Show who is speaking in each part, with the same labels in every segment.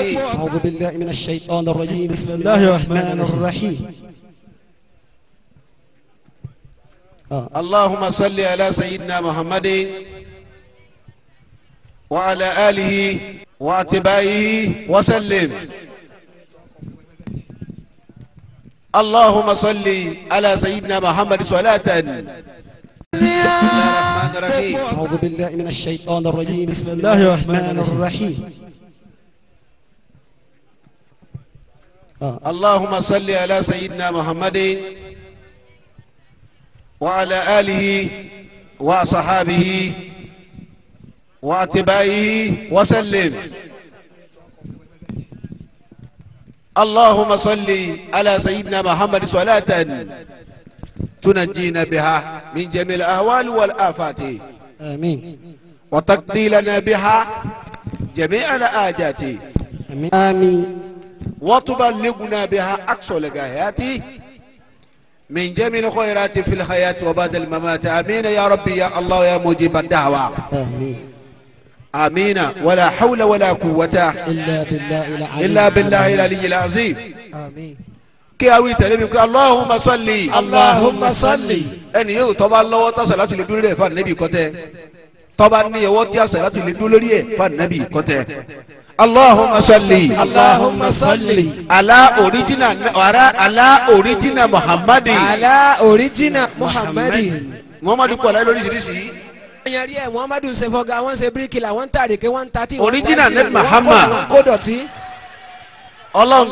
Speaker 1: أعوذ
Speaker 2: بالله من الشيطان الرجيم بسم الله الرحمن الرحيم آه. اللهم صل على سيدنا محمد وعلى آله واتباعه وسلم اللهم صل على سيدنا محمد صلاة أعوذ بالله من الشيطان الرجيم بسم الله الرحمن الرحيم اللهم صل على سيدنا محمد وعلى آله وصحابه واتباعه وسلم اللهم صل على سيدنا محمد صلاة تنجينا بها من جميع الأهوال والآفات آمين وتقضي لنا بها جميع الآجات آمين وتبلغنا بها أقصى لقاهاتي من جميع الخيرات في الحياة وبعد الممات آمين يا ربي يا الله يا مجيب الدعوة آمين آمين ولا حول ولا قوة إلا بالله العلي إلا بالله العلي العظيم آمين kí awi tẹ̀lé mi kí aláhùnmá sọ́lì. aláhùnmá sọ́lì. ẹni yóò tọ́ba lọ́wọ́ tá sàlátì lè dúró tí a sàlátì lè dúró lórí ẹ̀ fún ànábì kọ́tẹ́. اللهم صل اللهم صل على اوريجينا على اوريجينا محمد على اوريجينا محمد محمد kò láì lórí ìṣiríṣi. ẹyàn rí ẹ wọn má dùn ṣe fọgá wọn ṣe bíríkìlà wọn tàríkẹ wọn tàtí. oríjìnà net mahama kó dọ̀tí. اللهم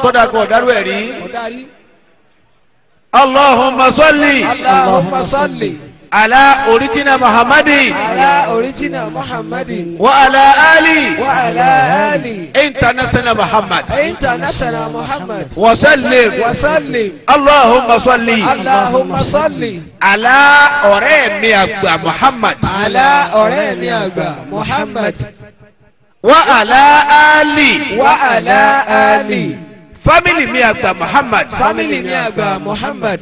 Speaker 2: صل اللهم صل. على أورتنا محمد على أورتنا محمد وعلى آلي وعلى آلي نسنا محمد أنت نسنا محمد وسلم وسلم اللهم صل اللهم صل على أوريمي أبا محمد على أوريمي أبا محمد وعلى آلي وعلى آلي فاميلي مي أبا محمد فاميلي مي أبا محمد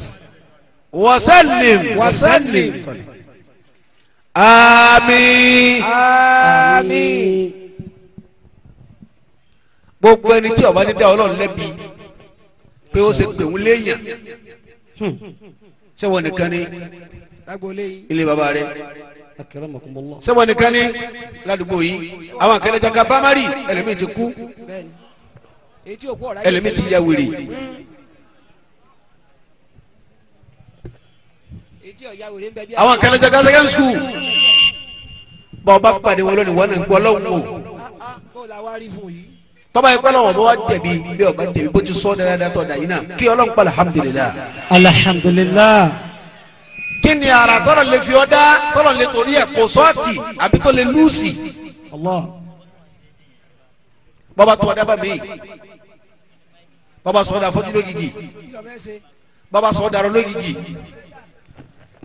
Speaker 2: وسلم وسلم آمين آمين gbogbo ẹni tí ọba ní dá Ọlọ́run lẹ́bi pé ó ṣe pè ń léèyàn hmm. ṣé wọn nìkan ni ilé bàbá rẹ ṣé wọn nìkan ni ládùúgbò yìí àwọn akẹ́lẹ́jọ́ bámárì ẹlẹ́mìí kú ẹlẹ́mìí ti wèrè. Hmm. àwọn kẹlẹjọ gàdẹgàn skul bọba pàdé wọn lónìí wọn nà ń gbọ́ lọ́wọ́ tọ́ba yẹn kọ́lọ́ wọn bọ́ wá jẹ̀bi bí ọba jẹ̀bi bó ti sọ dáadáa tọ́ da yìí náà kí ọlọ́run pa alhamdulilah. alhamdulilah. kí ni ara tọ́lọ̀ lè fi ọ́ dá tọ́lọ̀ lè torí ẹ̀ kò sọ́ọ̀tì àbí tó lè lùsì. bọ́ba tó ọ̀dá bá mi bọ́ba sọ̀dà fọ́tí lójijì bọ́ba sọ̀dà rọ lójijì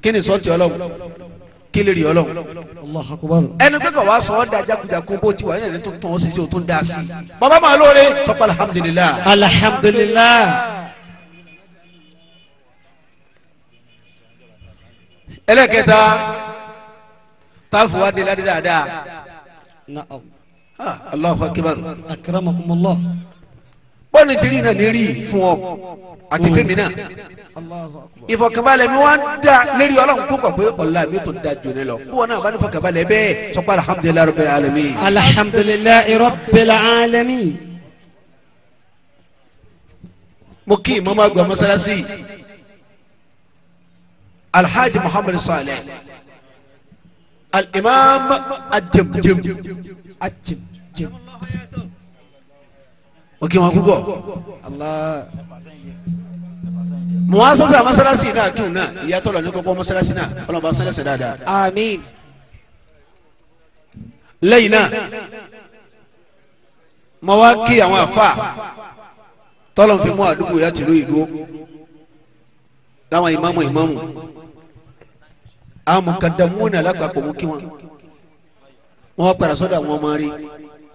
Speaker 2: kí ni sọ́ọ̀tì ọlọ́run kí lè rí ọlọ́run. ẹnu pé kò wá sọ ọ́ da jákujàku bó ti wà yẹn tó tán ó sì ṣe ó tó ń da sí i. bàbá máa lóore sọ́kọ́ alihamudulilayi. alihamudulilayi. ẹlẹ́kẹta táàfù wa dé ládé dáadáa. Allahu akbar. akramakumullah. bọ́ọ̀nù ti rí náà lè rí fún ọ àti fèmí náà ìfọ̀kànbalẹ̀ mi wá ń da lérí ọlọ́run tó kọ̀ pé ọ̀la mi tó ń da jòlè lọ fún wọn náà bá ní fọ̀kànbalẹ̀ bẹ́ẹ̀ sọ́kọ́ alhamdulilayi rabbil alamin. alhamdulilayi rabbil alamin. mo kí ìmọ̀mọ́ àgbà mọ́sálásí alhaji muhammad saleh alimam ajimjim ajimjim. ó kí wọn púpọ̀ mo wá sọ́sọ́ mọ́sálásí náà kí n náà ìyá tọ́lọ̀ ní kọ́kọ́ mọ́sálásí náà ọlọ́ba sẹ́lẹ̀sẹ̀ dáadáa. àmín. lẹ́yìn náà mo wá kí àwọn àfa tọ́lọ̀ fi mú àdúgbò yá tìlú ìlú láwọn ìmáàmù ìmáàmù mu mọ̀kàdàmú náà lápapọ̀ mú kí wọn wọ́n padà sọ́dọ̀ àwọn ọmọ rí.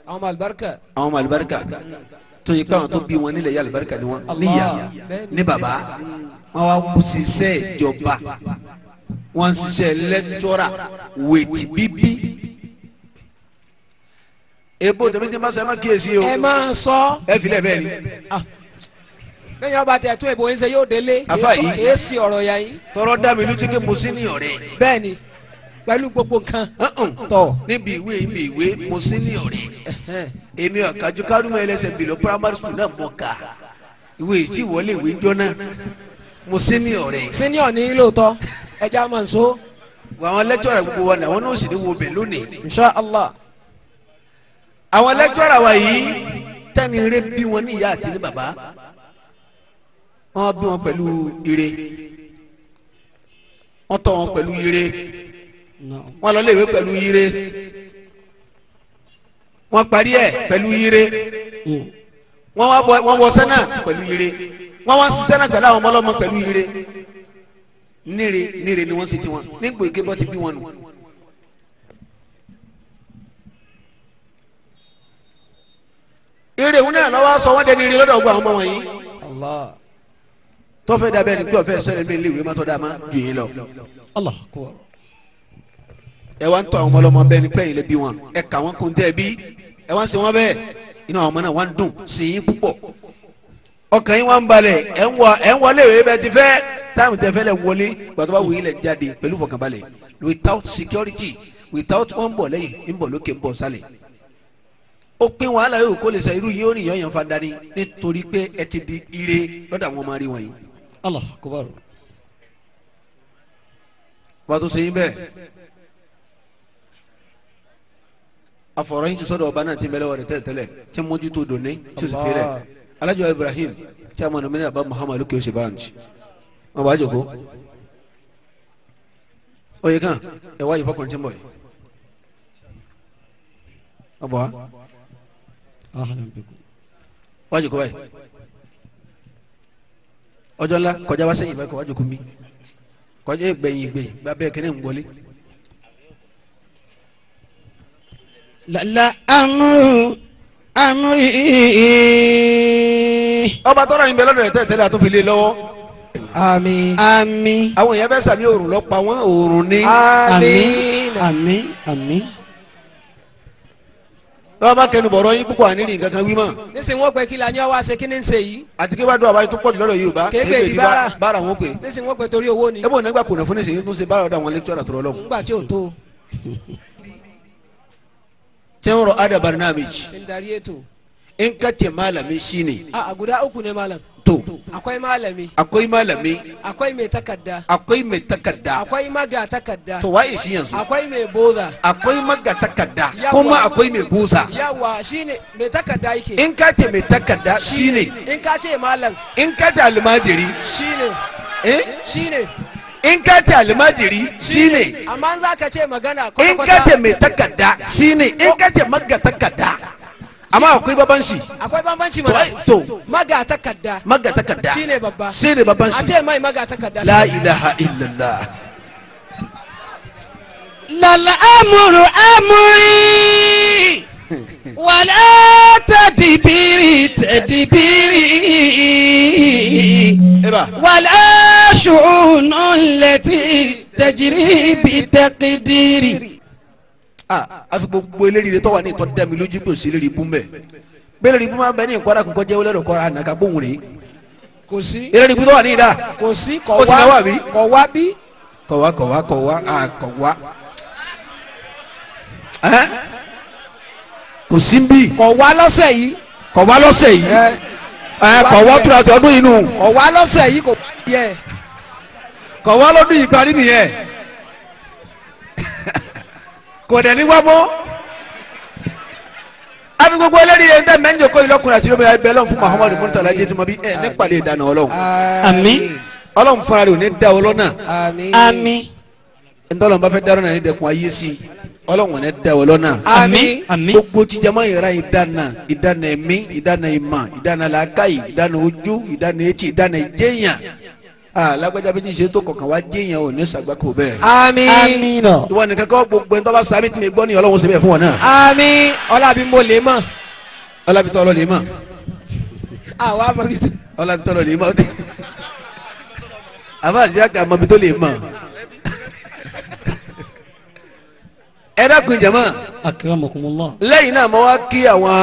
Speaker 2: àwọn ọmọ àlùbáríkà. àwọn ọmọ àlùbáríkà tó yẹ káwọn tó bí wọn nílẹ̀ yà àlùbáríkà ni wọn níyà ní bàbá wọn wá kú sí iṣẹ́ ìjọba wọn ń ṣiṣẹ́ lẹ́tọ́rà bíbí ebo tẹmí tí n bá sọ ẹ má kíyèsí o. ẹ máa sọ. ẹ filẹ bẹ́ẹ̀ ni. Ah. lẹ́yìn ọba tẹ̀ tún ìbò yín ṣe yóò délé. àbá yìí kèé yà yín. tọrọ dá mi lójú pé mo sí ní ọ̀rẹ́. bẹ́ẹ̀ pẹ̀lú gbogbo nǹkan uh-uh. tọ̀. níbi ìwé ibi ìwé mo sí ní ọ̀rẹ́ èmi ọ̀kadù kárùmọ̀ ẹlẹ́sẹ̀ bìlọ primary school náà mọ̀ ká ìwé ìtì wọlé ìwé jọ náà mo sí ní ọ̀rẹ́. senior ní lóòótọ́ ẹja máa ń so. àwọn lẹ́tọ̀rọ̀ gbogbo wa náà wọn náà sì ní wo bẹ̀ lónìí. insha allah. àwọn lẹ́tọ̀rọ̀ wa yìí tẹ́ni eré bí wọn ní ìyá àti ní bàbá wọ́n bí wọn pẹ̀lú ire wọ́n tọ́ wọn pẹ̀lú ire. wọn lọ léèwé pẹ̀lú yire wọn parí ẹ pẹ̀lú yire hmm. wọn wọ sẹ́nà pẹ̀lú yire wọn wọ sẹ́nà pẹ̀lú àwọn ọmọlọ́mọ yire
Speaker 1: níre níre ni ti ti wọn ike bọ́ ti bí wọn nù.
Speaker 2: ire òun náà sọ wọ́n dẹni ire lọ́dọ̀ ọgbà tọ́fẹ́ dábẹ́ ni kí sẹ́lẹ̀ mi léwé mọ́tò dá ẹ wá ń tọ́ àwọn ọmọlọ́mọ bẹ́ẹ̀ ni pẹ́yìn lè bí wọn ẹ kà wọ́n kun tẹ́ ẹ bí ẹ wá ń ṣe wọ́n bẹ́ẹ̀ inú àwọn ọmọ náà wá ń dùn sí yín púpọ̀ ọkàn yín wá ń balẹ̀ ẹ ń wọ ẹ ń wọlé ìwé bẹ́ẹ̀ ti fẹ́ táìmù tẹ fẹ́ lẹ̀ wọlé gbàtọ́ bá wù yín lẹ̀ jáde pẹ̀lú fọkànbalẹ̀ without security without wọn bọ̀ lẹ́yìn ń bọ̀ lókè ń bọ̀ sálẹ̀ ó pín wàhálà yóò kó lè sọ irú yìí ó nìyàn yàn fada ni nítorí pé ẹ ti di ire lọ́dọ̀ àwọn ọmọ rí wọn yìí. Allah kubaru. wàá tó ṣe yín bẹ́ẹ̀. afọ̀rọ̀ yín ti sọ́dọ̀ ọba náà ti bẹ̀lẹ̀ wọ̀rẹ̀ tẹ́lẹ̀tẹ́lẹ̀ tí mójútó dòní tí o sì fi rẹ̀ alájọ ibrahim tí a mọ̀ nínú abba muhammadu kì í ṣe báńkì wọn bá jòkó oyè kan ẹ wá ìfọkàn tí ń bọ̀ yìí wọn bọ̀ wá wá jòkó báyìí ọjọ́ ńlá kọjá wá sẹ́yìn báyìí kọ́ wá mi kọjá ìgbẹ̀yìn ìgbẹ̀yìn bá bẹ́ẹ̀ kẹ́ni ń lala amú amú yìí. ọba tọrọ yìí ń bẹ lọ́dọ̀ rẹ̀ tẹ́lẹ̀ tẹ́lẹ̀ àtúnfi lé lọ́wọ́. àmín. àmín. àwọn èèyàn bẹ́ẹ̀ sàmì òòrùn lọ pa wọ́n òòrùn ní. àmín àmín àmín. tọ́wọ́ bá kẹnu bọ̀rọ̀ yín púpọ̀ àníní nǹkan kan wí mọ́. nísìnyí wọ́n pẹ́ kí la ní ọwọ́ àṣẹ kí ni ń ṣe yìí. àti kí wàá dún àbáyé tó pọ̀jù lọ́dọ̀ Yorùbá. kéèké di bára wọn pè. nísìnyí wọ́n pẹ́ torí owó ni. ẹ tawro ada barnamij in ka ce malami shine a guda uku ne malam to akwai malami akwai malami akwai mai takarda akwai mai takarda akwai maga takarda to waye shi yanzu akwai mai boza akwai maga takarda kuma akwai mai busa yawa shine mai takarda yake in ka ce mai takarda shine in ka ce malam in ka da almajiri shine eh shine in ka ce almajiri shine ne in ka ce mai takarda ne in ka ce magga takarda amma akwai babanci akwai babanci mana to maga takarda maga takarda shine babba shine babban shi a ce mai maga takarda la ilaha illallah lal amru amri wala tadbiri tadbiri wala شؤون التي تجري بتقديري àfi gbogbo eléyìí rẹ tó wà ní ìtọ́ dá mi lójú pé òsì eléyìí bú mbẹ bẹ́ẹ̀ lórí bú máa bẹ ní ìkọ́ra kò jẹ́ olórí kọ́ra ànàkà gbóhùn rèé kò sí eléyìí bú tó wà ní ìdá kò sí kọ̀ wá kọ̀ wá bí kọ̀ wá kọ̀ wá kọ̀ wá à kọ̀ wá kò sí bí kọ̀ wá lọ́sẹ̀ yìí kọ̀ wá lọ́sẹ̀ yìí kọ̀ wá tura ti ọdún yìí nù kọ̀ wá lọ́sẹ̀ yìí kò wá yẹ kọ̀ wá lọ́dún yìí kan rí nìyẹn kò dẹ̀ ní wá mọ́ àfi gbogbo ẹlẹ́rìí ẹ̀ ń tẹ́ mẹ́ńjọ kọ́ ìlọ́kùnrin àti ìlọ́mọ ẹgbẹ́ lọ́hùn fún muhammadu murtala jésù mọ́bí ẹ̀ nípàdé ìdáná ọlọ́run. àmín. ọlọ́run fúnra rẹ̀ ò ní da ọlọ́nà. àmín. ntọ́lọ́n bá fẹ́ dárò náà ní dẹkùn ayé sí i ọlọ́run ò ní da ọlọ́nà. àmín. gbogbo jíjàmọ́ ìra ìdáná ìdáná ẹ̀mí ìdáná ìmọ̀ ìdáná làákàyè ìdáná ojú ìdáná etí ìdáná ìjẹ́yàn alágbèjà ah, bí ti ṣe tó kọ̀ọ̀kan wá jẹ́ yẹn ò ní sàgbákò bẹ́ẹ̀. àmín ìwọ nìkan kọ́ gbogbo ẹni tó bá sàmì tì mí gbọ́ ni ọlọ́run ṣe bẹ́ẹ̀ fún wọn náà. àmín ọlábí mo lè mọ̀. ọlábí tọrọ lè mọ̀. Ah, àwọn amọ̀bí ọlábí tọrọ lè mọ̀. àbá àti àkà amọ̀bí tó lè mọ̀. ẹ dákun jẹ̀mọ́. akramakumullah. lẹ́yìn náà mo wá kí àwọn.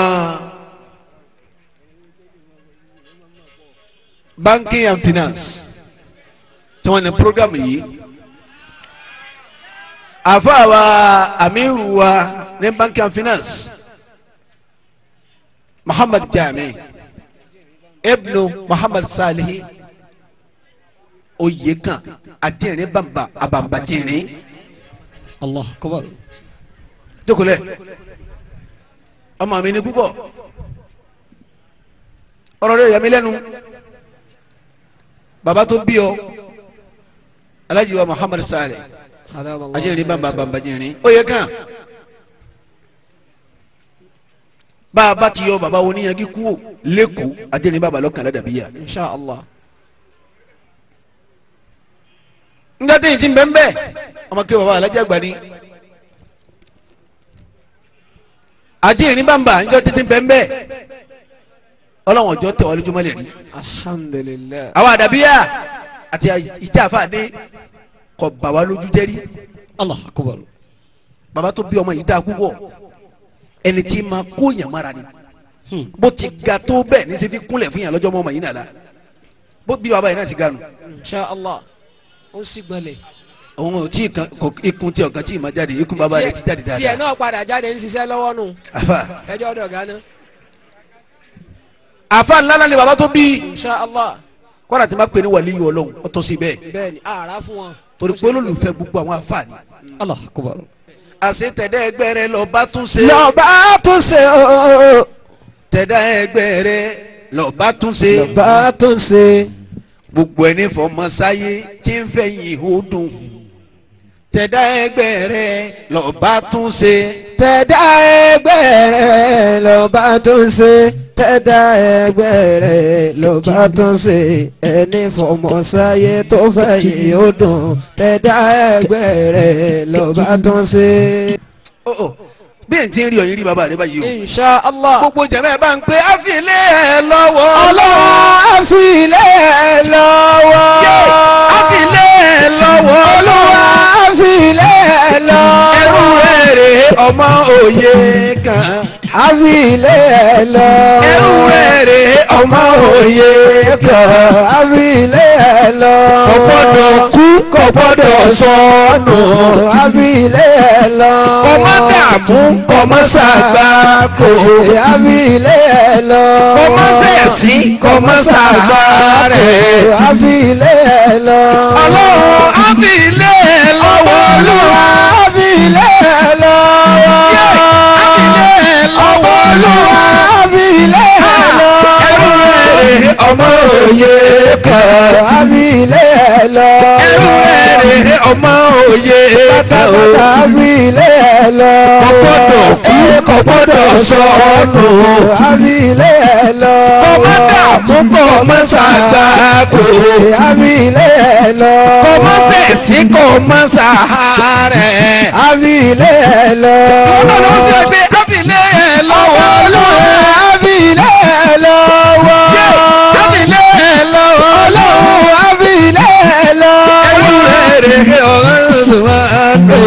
Speaker 2: banking and finance tí wọ́n ní programu yìí àfa wa amiru wa ní bank and finance muhammad jami ibnu muhammad salihi oyekan adiẹrin bamba abambadiẹrin allah kubar dukule ọmọ mi ni púpọ̀ ọ̀rọ̀ rẹ̀ yà mí lẹ́nu bàbá tó bí ọ alhaji wa muhammad saleh ajẹ́rìí bàbà bàbà jẹ́rìí ó yẹ kàn bá a bá ti yọ bàbá oníyanjú kúrò lẹ́kọ̀ọ́ ajẹ́rìí bàbà lọ́kàn ládàbíyà insha allah. nga tẹ̀yìn tí ń bẹ́ ń bẹ́ ọmọ kí bàbá alhaji àgbà ni ajẹ́rìí bàbà njọ́ títí ń bẹ́ ń bẹ́ ọlọ́wọ̀n ọjọ́ tẹ̀ wọ́n lójúmọ́ lẹ́nu. alhamdulilayi. àwọn àdàbíyà àti ìjà àfa ní kò bà wá lójú jẹ́rí. Allahu Akbar. bàbá tó bí ọmọ yìí dáa púpọ̀ ẹni tí ma kó yàn mára ni hmm. bó ti ga tó bẹ́ẹ̀ ní sẹ́fí kúnlẹ̀ fún yàn lọ́jọ́ ọmọ yìí nàlá bó bí bàbá yìí náà ti ga nù. Insha Allah ó sì gbalẹ̀. òun ò tí ikun tí ọ̀gá tí ì máa jáde ikun bàbá rẹ̀ ti jáde dáadáa. tiẹ̀ náà padà jáde ń ṣiṣẹ́ lọ́wọ́ nù. ẹjọ́ dọ̀gá náà. àfa ńlá náà ni bàbá tó bí. Insha Allah kọ́ra tí ma pè ní wàlíyù ọlọ́run ó sí bẹ́ẹ̀. bẹ́ẹ̀ni ara fún wọn. torí pé olólùfẹ́ gbogbo àwọn àfààní. Allah akubar. àṣẹ tẹ̀dá ẹgbẹ́ rẹ lọ́ba tún ṣe. lọ́ba tún ṣe o. tẹ̀dá ẹgbẹ́ rẹ lọ́ba tún ṣe. lọ́ba tún ṣe. gbogbo ẹni fọmọ sáyé tí ń fẹ́ yìí ó dùn tẹ̀dá ẹgbẹ́ rẹ lọ́ba tún ṣe. tẹ̀dá ẹgbẹ́ rẹ lọ́ba tún ṣe. tẹ̀dá ẹgbẹ́ rẹ lọ́ba tún ṣe. ẹni fọmọsáyé
Speaker 1: tó fẹ́ yìí ó dùn. tẹ̀dá ẹgbẹ́ rẹ lọ́ba tún ṣe.
Speaker 2: Oh, oh. bí n ti ń rí ọyìn rí bàbá rẹ báyìí o. insha allah. gbogbo jẹ̀mẹ́ ẹ̀ bá ń pe àfilẹ̀ ẹ̀ lọ́wọ́. ọlọ́wọ́ àfilẹ̀ ẹ̀ lọ́wọ́. àfilẹ̀ ẹ̀ lọ́wọ́. ọlọ́wọ́ àfilẹ̀ lọ. ẹrú rere ọmọ òye kan. àfilẹ̀ lọ.
Speaker 1: ẹrú rere ọmọ òye kan. àfilẹ̀ lọ. kò gbọ́dọ̀ kú kò gbọ́dọ̀ sọnù. àfilẹ̀ lọ. kọ́mọ dààmú kọ́mọ sàgbà kò. àfilẹ̀ lọ. kọ́mọ sẹ̀sí kọ́mọ sàgbà rẹ̀. àfilẹ̀ lọ. ọlọ́run àfilẹ̀ abilẹ̀ lọ́wọ́ abilẹ̀ lọ́wọ́ olúwa ọmọ òye kan. àmì ilé ẹ lọ. ẹrú ẹ̀rẹ̀ ọmọ òye kan. bàtàbàtà àmì ilé ẹ lọ. kọ̀gbọ́dọ̀ kú kọ̀gbọ́dọ̀ sọ̀ọ́nù. àmì ilé ẹ lọ. kọ̀mọ́dà púpọ̀ mọ́sàgbà kò. àmì ilé ẹ lọ. kọ̀mọ́sẹ̀ sí kò mọ́sàárẹ̀. àmì ilé ẹ lọ. kọ́mọ́ ló ń ṣe pé àmì ilé ẹ lọ́wọ́ lọ́wọ́ àmì ilé ẹ lọ́wọ́. Abile lọ́wọ́ ọlọ́run wá bí ilé lọ. ẹrú rẹ̀ rè ọ̀rọ̀ ló wá pè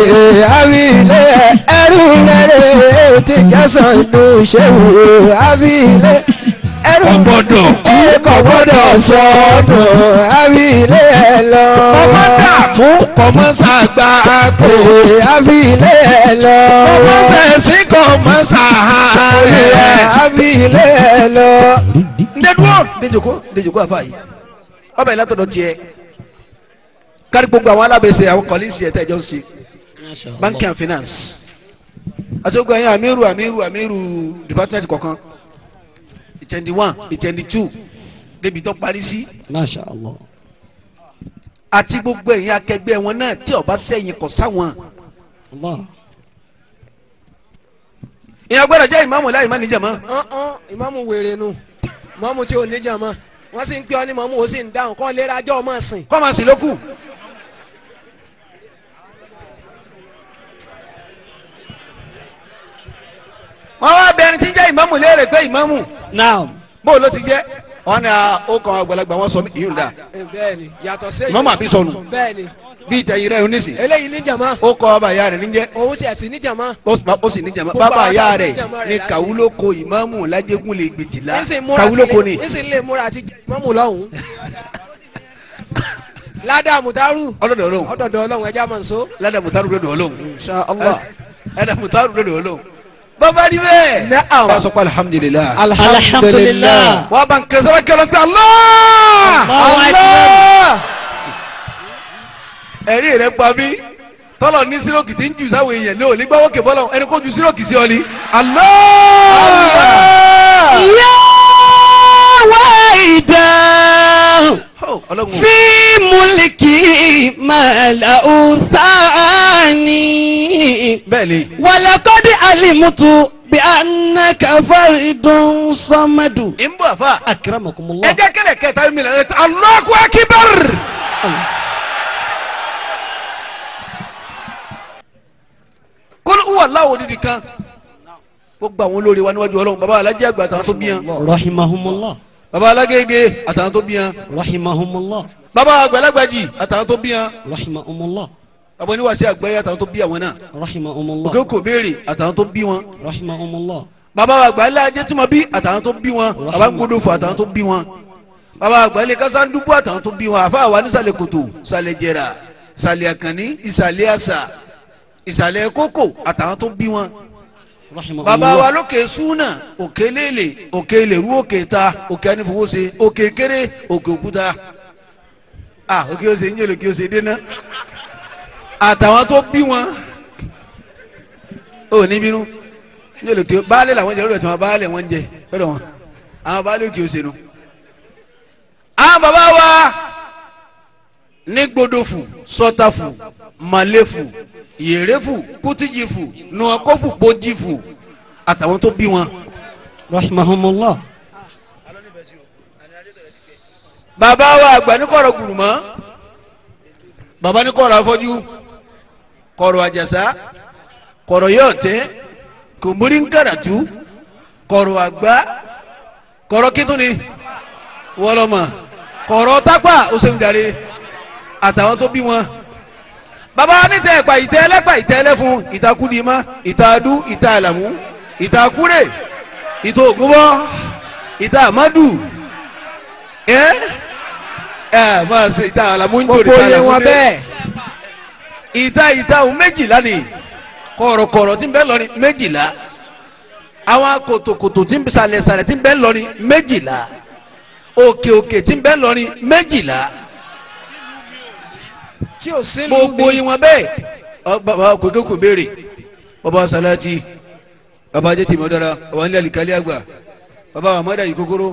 Speaker 1: é ti jẹ́sọ̀ ìlú ṣéwù àbí
Speaker 2: ẹrú gbọ́dọ̀ kò gbọ́dọ̀ sọnù àbí ilé ẹ lọ. kọ́mọ́sà fún kọ́mọ́sà gba pé àbí ilé ẹ lọ. kọ́mọ́sà sí kọ́mọ́sà rẹ̀ àbí ilé ẹ lọ. ndedúró ndejoko ndejoko àfa yìí ọba ìlà tọ̀dọ̀ tiẹ̀ kárí gbogbo àwọn alábẹ̀sẹ̀ àwọn kọ́lísì ẹ̀ tẹ̀jọ́ ń ṣe banking and finance àti gbogbo ẹ̀yin amiru. àmírù àmírù department kọ̀ọ̀kan twenty one twenty two débi tó parí sí. Masha Allah. àti gbogbo ẹ̀yin akẹgbẹ́ wọn náà tí ọba sẹ́yìn kọ̀ sáwọn. Allah ìyẹn gbọ́dọ̀ jẹ́ ìmáàmù láì má níjàmá. Uh-uh, ìmáàmù wèrè nu ìmáàmù tí ò níjàmá wọ́n sì ń pè ọ́ ní mọ̀mú ó sì ń dáhùn kọ́ lérajọ́ ọmọ sìn. kọ́ máa sìn lókù. wọ́n wá bẹ̀rẹ̀ tí ń jẹ́ ìmámù léèrè pé ìmámù. naam. bó o ló ti jẹ́ wọn ni ah, ó kàn àgbàlagbà wọn sọ yìí nda mọ́mọ́ àbí sọnù bí ìtẹ̀yìn rẹ̀ oníṣì. eléyìí ní jàmá. ó kọ ọba ìyá rẹ̀ níjẹ́. òun sì àti ní jàmá. ó sì ní jàmá. bàbá ìyá rẹ̀ ni kàwúlóko ìmáàmù lájẹgùn lè gbèjìlá. kàwúlóko ni. ń sì lè múra àti ìmáàmù lọ́hùn. ládà mùtárù. ọdọdọ Ọlọ́run. ọdọdọ Ọlọ́run ẹja mọ̀ nsọ. ládà mùtárù lọ́dọ̀ Ọlọ́run. ṣá ọlọ. ládà mùtárù lọ́dọ̀ Ọlọ́run bàbá rí bẹ́ẹ̀. ní àwọn. wàá sọ pé alihamudulilayi. alihamudulilayi. wàá bá ń kẹsàn-án kẹlẹ́ pé Allah. Allah. ẹ̀rí rẹ̀ pa mí tọ́lọ̀ ní sírọ́ọ̀kì tí ń jù sáwọn èèyàn ní òní gbọ́wọ́ kè bọ́lọ̀ ẹni kó ju sírọ́ọ̀kì sí ọ ni. Allah. Allah. yóò wá ọlọ́run fi múlìkì màlà ọ̀sáàní. wàlàkọ́dí alimutu bí anaka faridun samadu. n bọ̀ fa. akiramakumula. ẹ jẹ́ kẹlẹ̀ kẹta mi lẹ́yìn Allahu akibar. kul huwa Allahu odidi kan gbogbo àwọn olórí wa níwájú ọlọ́run baba alájẹ àgbà tán tó bí yan. rahimahumullah baba alágége àtàwọn tó bíyan rahimahumullah baba àgbàlagbàjì àtàwọn tó bíyan rahimahumullah baba oníwàsí àgbáyé àtàwọn tó bí àwọn náà rahimahumullah òkè kò béèrè àtàwọn tó bí wọn rahimahumullah baba àgbàlá ajẹtùmọ bí àtàwọn tó bí wọn baba ńgbódòfò àtàwọn tó bí wọn baba àgbàlẹ kásándugbó àtàwọn tó bí wọn àfa àwa nísàlẹ̀ kòtò sàlẹ̀ jẹrà sàlẹ̀ àkànní ìsàlẹ̀ àṣà ìsàlẹ̀ kókò àtàwọn tó bí wọn bàbá wa lókè súnà òkè lélè òkè lèrú òkè ta òkè anífowóse òkè kéré òkè òkúta ah òkè ose ń yẹlò òkè ose dénà àtàwọn tó bí wọn ò ní bínú ń yẹlò òkè baálé làwọn jẹ lórí ẹtì wọn baálé wọn jẹ lọ́dọ̀ wọn àwọn baálé òkè ose nu. àwọn bàbá wa nígbódòfù sọtàfù màlẹfù yèrèfù kútìjìfù nùwàkọfù gbòjìfù àtàwọn tó bí wọn. rahmahumullah. bàbá wa àgbà ní kọ̀rọ̀ gùrùmọ́ bàbá ní kọ̀rọ̀ afọ́jú kọ̀rọ̀ àjàsá kọ̀rọ̀ yọ̀ọ̀tẹ́ kòmórí nkàràtú kọ̀rọ̀ àgbá kọ̀rọ̀ kítúni wọlọ́mọ kọ̀rọ̀ tápà ó ń darí àtàwọn tó bí wọn bàbá nítẹ̀ ẹ̀pà ìtẹ́ ẹlẹ́pà ìtẹ́ ẹlẹ́fun ìtakúdìmọ́ ìtadú ìtàlàmú ìtakúrè ìtòògùnbọ́ ìtàmádù ẹ́ ẹ̀ máa ṣe ìtàlàmú ń jòrè ìtàlàmú wọn bẹ́ẹ̀ ìta ìtahùn méjìlá ni kọ̀rọ̀kọ̀rọ̀ tí ń bẹ lọ́rin méjìlá àwọn kòtòkòtò tí ń sàlẹ̀sàlẹ̀ tí ń bẹ lọ́rin méjìlá òkè òkè tí ń bẹ lọ́rin méjìlá. gbogbo ìwọ̀n bẹ́ẹ̀ kòkókò béèrè ọba salati bàbá ajé tèmi ọ̀dára bàbá nílẹ̀ àgbà bàbá wa mọ́dà yìí kókóró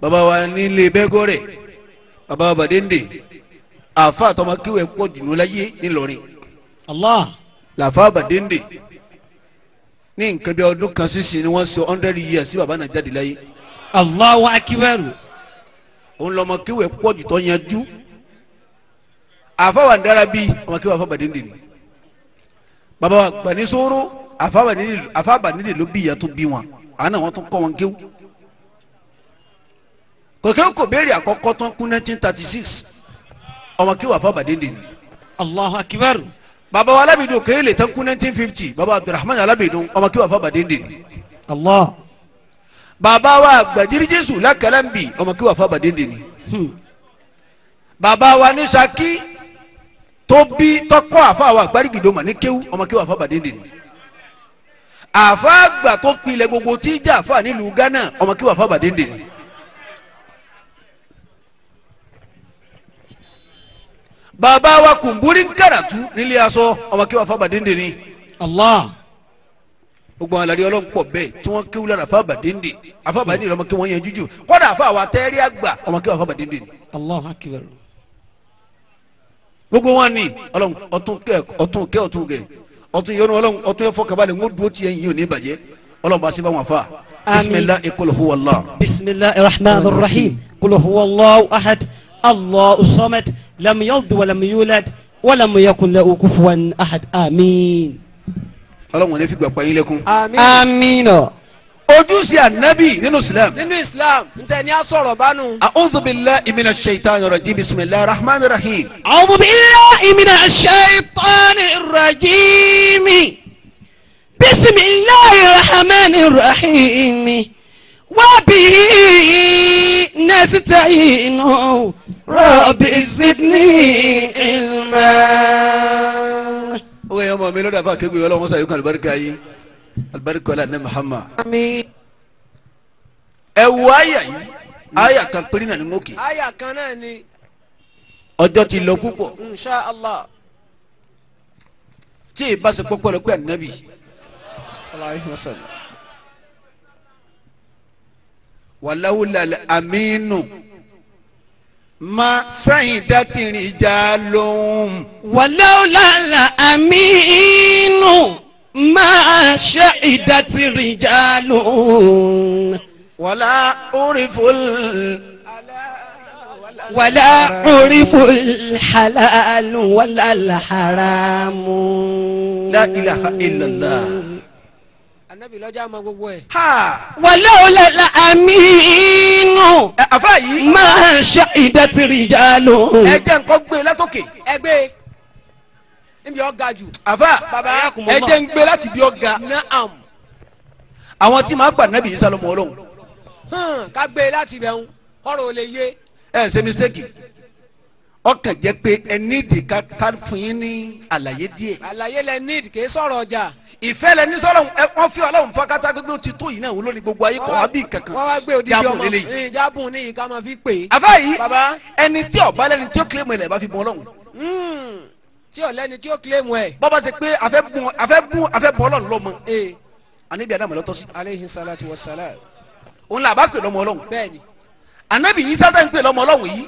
Speaker 2: bàbá wa nílé bẹ́gọ́rẹ̀ bàbá wa àfa àtọmọ kíwẹ̀ pọ̀ jùlọ láyé làfa ní nǹkan bí ọdún kan ni sọ hundred years sí bàbá náà jáde láyé. Allahu akíwẹ̀rù. òun pọ̀ jù àfáwà dára bi, ọmọ kí wọn àfáwà dídì ni bàbá wa gbani sóró àfáwà dídì ló bí ìyá tó bí wọn àánà wọn tún kọ́ wọn kéwù kòkè kò béèrè àkọ́kọ́ tán kú nineteen thirty six ọmọ kí wọn àfáwà dídì ni. Allahu Akbar. bàbá wa alábìdún kéèlè tán kú nineteen fifty bàbá Abdulrahman alábìdún ọmọ kí wọn àfáwà dídì ni. Allah. Baba wa gbàdírí Jésù lákàlà ń bì ọmọ kí wọn àfáwà dídì ni. bàbá wa ní tó bí tọkọ àfàwà àgbárígìdó mà ní kéwú ọmọ kéwú àfàbàdé nìyí àfàgbà tó pilẹ̀ gbogbo tí ìjà àfà nílùú Ghana ọmọ kéwú àfàbàdé nìyí. bàbá wa kùnbúrí ń kàràtú nílé aṣọ ọmọ kéwú àfàbàdé nìyí. Allah gbogbo àlàyé ọlọ́run pọ̀ bẹ́ẹ̀ tí wọ́n kéwú lára àfàbàdéńdè àfàbàdéńdè ọmọ kéwú wọn yẹn jújù kọ́dà àfàwà tẹ́rí àgbà ọmọ kéwú àfàbàdéńdè. Allah akbar gbogbo wọn ni ọlọ́run ọtún kẹ ọtún kẹ ọtún kẹ ọtún yọnu ọlọ́run ọtún yẹ fọkàbalẹ̀ ń wọ́n dúró tiẹ̀ yìí ò ní bàjẹ́ ọlọ́run bá síbá wọn fa. bisimilah ikul huwa allah. bisimilah irrahman rahim kul huwa allah ahad allah usomed lam yaldi walam yulad walam yakun lahu kufuwan ahad amiin. ọlọ́run ò ní fi gbà pa yín lẹ́kún. amiin. amiin ojúṣe ànábì nínú islam. nínú islam ntẹ ni a sọ̀rọ̀ bánu. a'udhu billahi minash shaitanir rajim bismillahir rahmanir rahim. a'udhu billahi minash shaitanir rajim bismillahir rahmanir rahim. وبه نستعين رب زدني
Speaker 1: علما.
Speaker 2: ó yẹ ọmọ mi lọ́dọ̀ àfa kéwì ọlọ́run sáyé kan lùbáríkà yìí alibarika ọlá ní Muhammad. ẹ wo àyà yìí àyà kan péré náà ni mo kì í. àyà kan náà ni. ọjọ́ ti lọ púpọ̀. insha allah. tí ìbá ṣe pọ́pọ́ rẹ̀ pé ànábì. wàláwùlà aminu ma sẹ́yìn dátìrín ìjà lóhùn. wàláwùlà aminu. ما شهدت رجال ولا عرف ولا عرف الحلال ولا الحرام لا إله إلا الله
Speaker 1: anabi lọ́jà mọ gbogbo ẹ̀. wàlẹ́ olè la amínú.
Speaker 2: àfa yìí. máa ṣe ìdẹ́tìrì ìjà lò. ẹ jẹ́ nǹkan gbé e látòkè. ẹ gbé. E níbi ọ̀gá jù. àfà ẹ jẹ́ ń gbé láti bí ọ̀gá. naam. àwọn tí màá gbà nábì yìí sálọmọ ọlọ́run. ká gbé e láti bẹ̀ ń ọ̀rọ̀ ò lè yé. ẹ ṣe mistake ọkàn jẹ́ pé ẹ níìdì ká fún yín ní àlàyé díẹ̀. àlàyé lẹ níìdì kì í sọ̀rọ̀ ọjà. ìfẹ́ lẹ ní sọ̀rọ̀ ẹ wọ́n fi ọlọ́run fọ́ kátà gbégbé ti tó yìí náà wúlò ní gbogbo ayé kọ̀ wá kankan. wọ́n wá gbé odidi ọmọ ìjábùn ní ìka máa fi pè é. àbáyé ẹni tí ọ̀bá lẹni tí ó kílè mọ́ ilẹ̀ bá fi bọ́ ọlọ́run. Hmm tí ò lẹ́ni tí ó kílẹ̀mù ẹ̀. bọ́bá ṣe pé àfẹ́ bùn àfẹ́ bùn àfẹ́ bùn ọlọ́run lọ́mọ. ee anabi adamu lọ́tọ́ sí. aleyhi salatu wa salam. òun là bá pè lọ́mọ ọlọ́run. bẹ́ẹ̀ni. anabi yìí sábà ń pè lọ́mọ ọlọ́run yìí.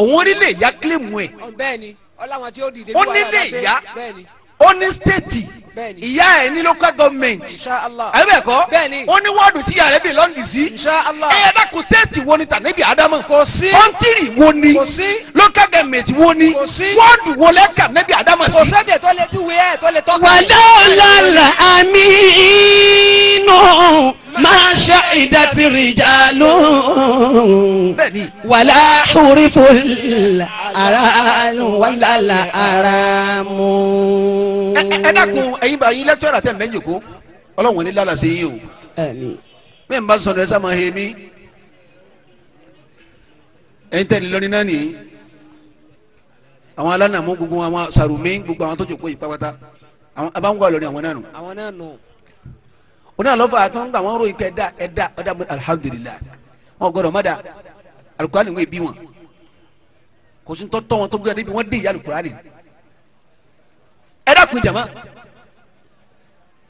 Speaker 2: òun onílé ìyá kílẹ̀mù ẹ̀. bẹ́ẹ̀ni ọlọ́run tí ó dìde. onílé ìyá. bẹ́ẹ̀ni ó ní stéètì ìyá ẹ̀ ní local government ẹ̀rẹ́ ẹ̀kọ́ ó ní wọ́ọ̀dù tí ìyá rẹ̀ bí lọ́ndì sí ẹ̀yẹ dákun stéètì wo ni tànẹ́bì ádámù kọ́ńtìrì wo ni local government wo ni wọ́ọ̀dù wo lẹ́ tànẹ́bì ádámù sí. kò sẹ́dẹ̀ tó lè dúwe ẹ̀ tó lè tọ́ka. wàlẹ́ ọ̀làlà àmì inú máa ṣe ìdàtìrìjà lóhùn wàlá òrìfò àrà wàlá àrà mú. ẹ dákun ẹyin bá yín lẹ́tọ́ àtẹ̀ mẹ́jọkọ́ ọlọ́run ní lálàsí yìí o bẹ́ẹ̀ n bá sọ̀rọ̀ ẹ sáà máa he mí ẹyin tẹ̀lé lọ́ní náà nìyí àwọn alánàmú gbogbo àwọn sàrùmí gbogbo àwọn tó jòkó yìí pápátá àwọn náà nù. àwọn náà nù. àlọ́fà ẹ̀dá ọ̀dà alihamudulilayi wọn mọ́dà alukura wọn kò sí tọ́tọ́ wọn tó ẹ dákun jàmá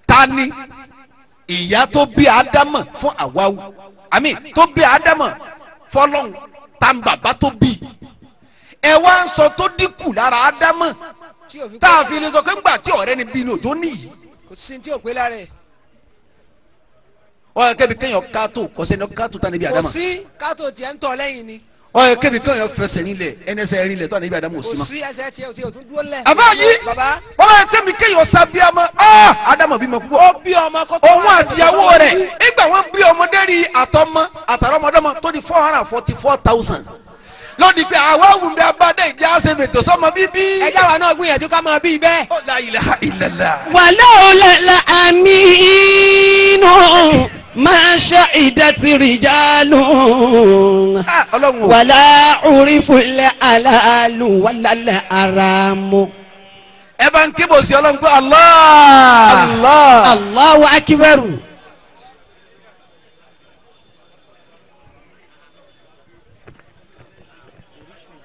Speaker 2: ta ni ìyá tó bí ádámọ̀ fún àwáwù àmì tó bí ádámọ̀ fọlọ́hún ta ni bàbá tó bí ẹ wá ń sọ tó dínkù lára ádámọ̀ tá a fi lè sọ pé ńgbà tí ọ̀rẹ́ ni bí lò tó nìyí. kò sí ní tí ò pé lára ẹ̀ wọ́n kẹ́bi kéèyàn káàtó kọ́sẹ́ ní káàtó tán níbi àdámà. kò sí káàtó tiẹ̀ ń tọ̀ lẹ́yìn ni ọ yẹ kébi kí ọyọ fẹsẹ̀ nílẹ̀ ẹni ẹsẹ̀ rinlẹ̀ tó ànábi adamu òsì ma. òsì ẹsẹ̀ tiẹ̀ òtí òtún dúró lẹ̀. àbá yìí ọ yẹ kébi kí ọyọ sa bí ọmọ ọ adamu bí ma kú. ó bí ọmọ kótó ọmọ òun àtìyàwó rẹ̀ ìgbà wọn bí ọmọ dẹ́rì àtọmọ àtàrọmọdọmọ tó di four hundred forty four thousand lódì pé àwa wùdí abadé ìdí àṣẹ fètò sọmọ bíbí. ẹja wa náà gbìyànjú ká máa bí bẹ́ẹ̀. ó la ilaha illallah. wàlẹ́ òun lẹ́ máa ṣe ìdẹ́tìrìjánu wàlá orí fúnlẹ̀ aláàlú wàlálẹ̀ aramu. ẹ bá ń kíbo sí ọlọ́run pé Allah Allah Allahu akíbẹ̀rù.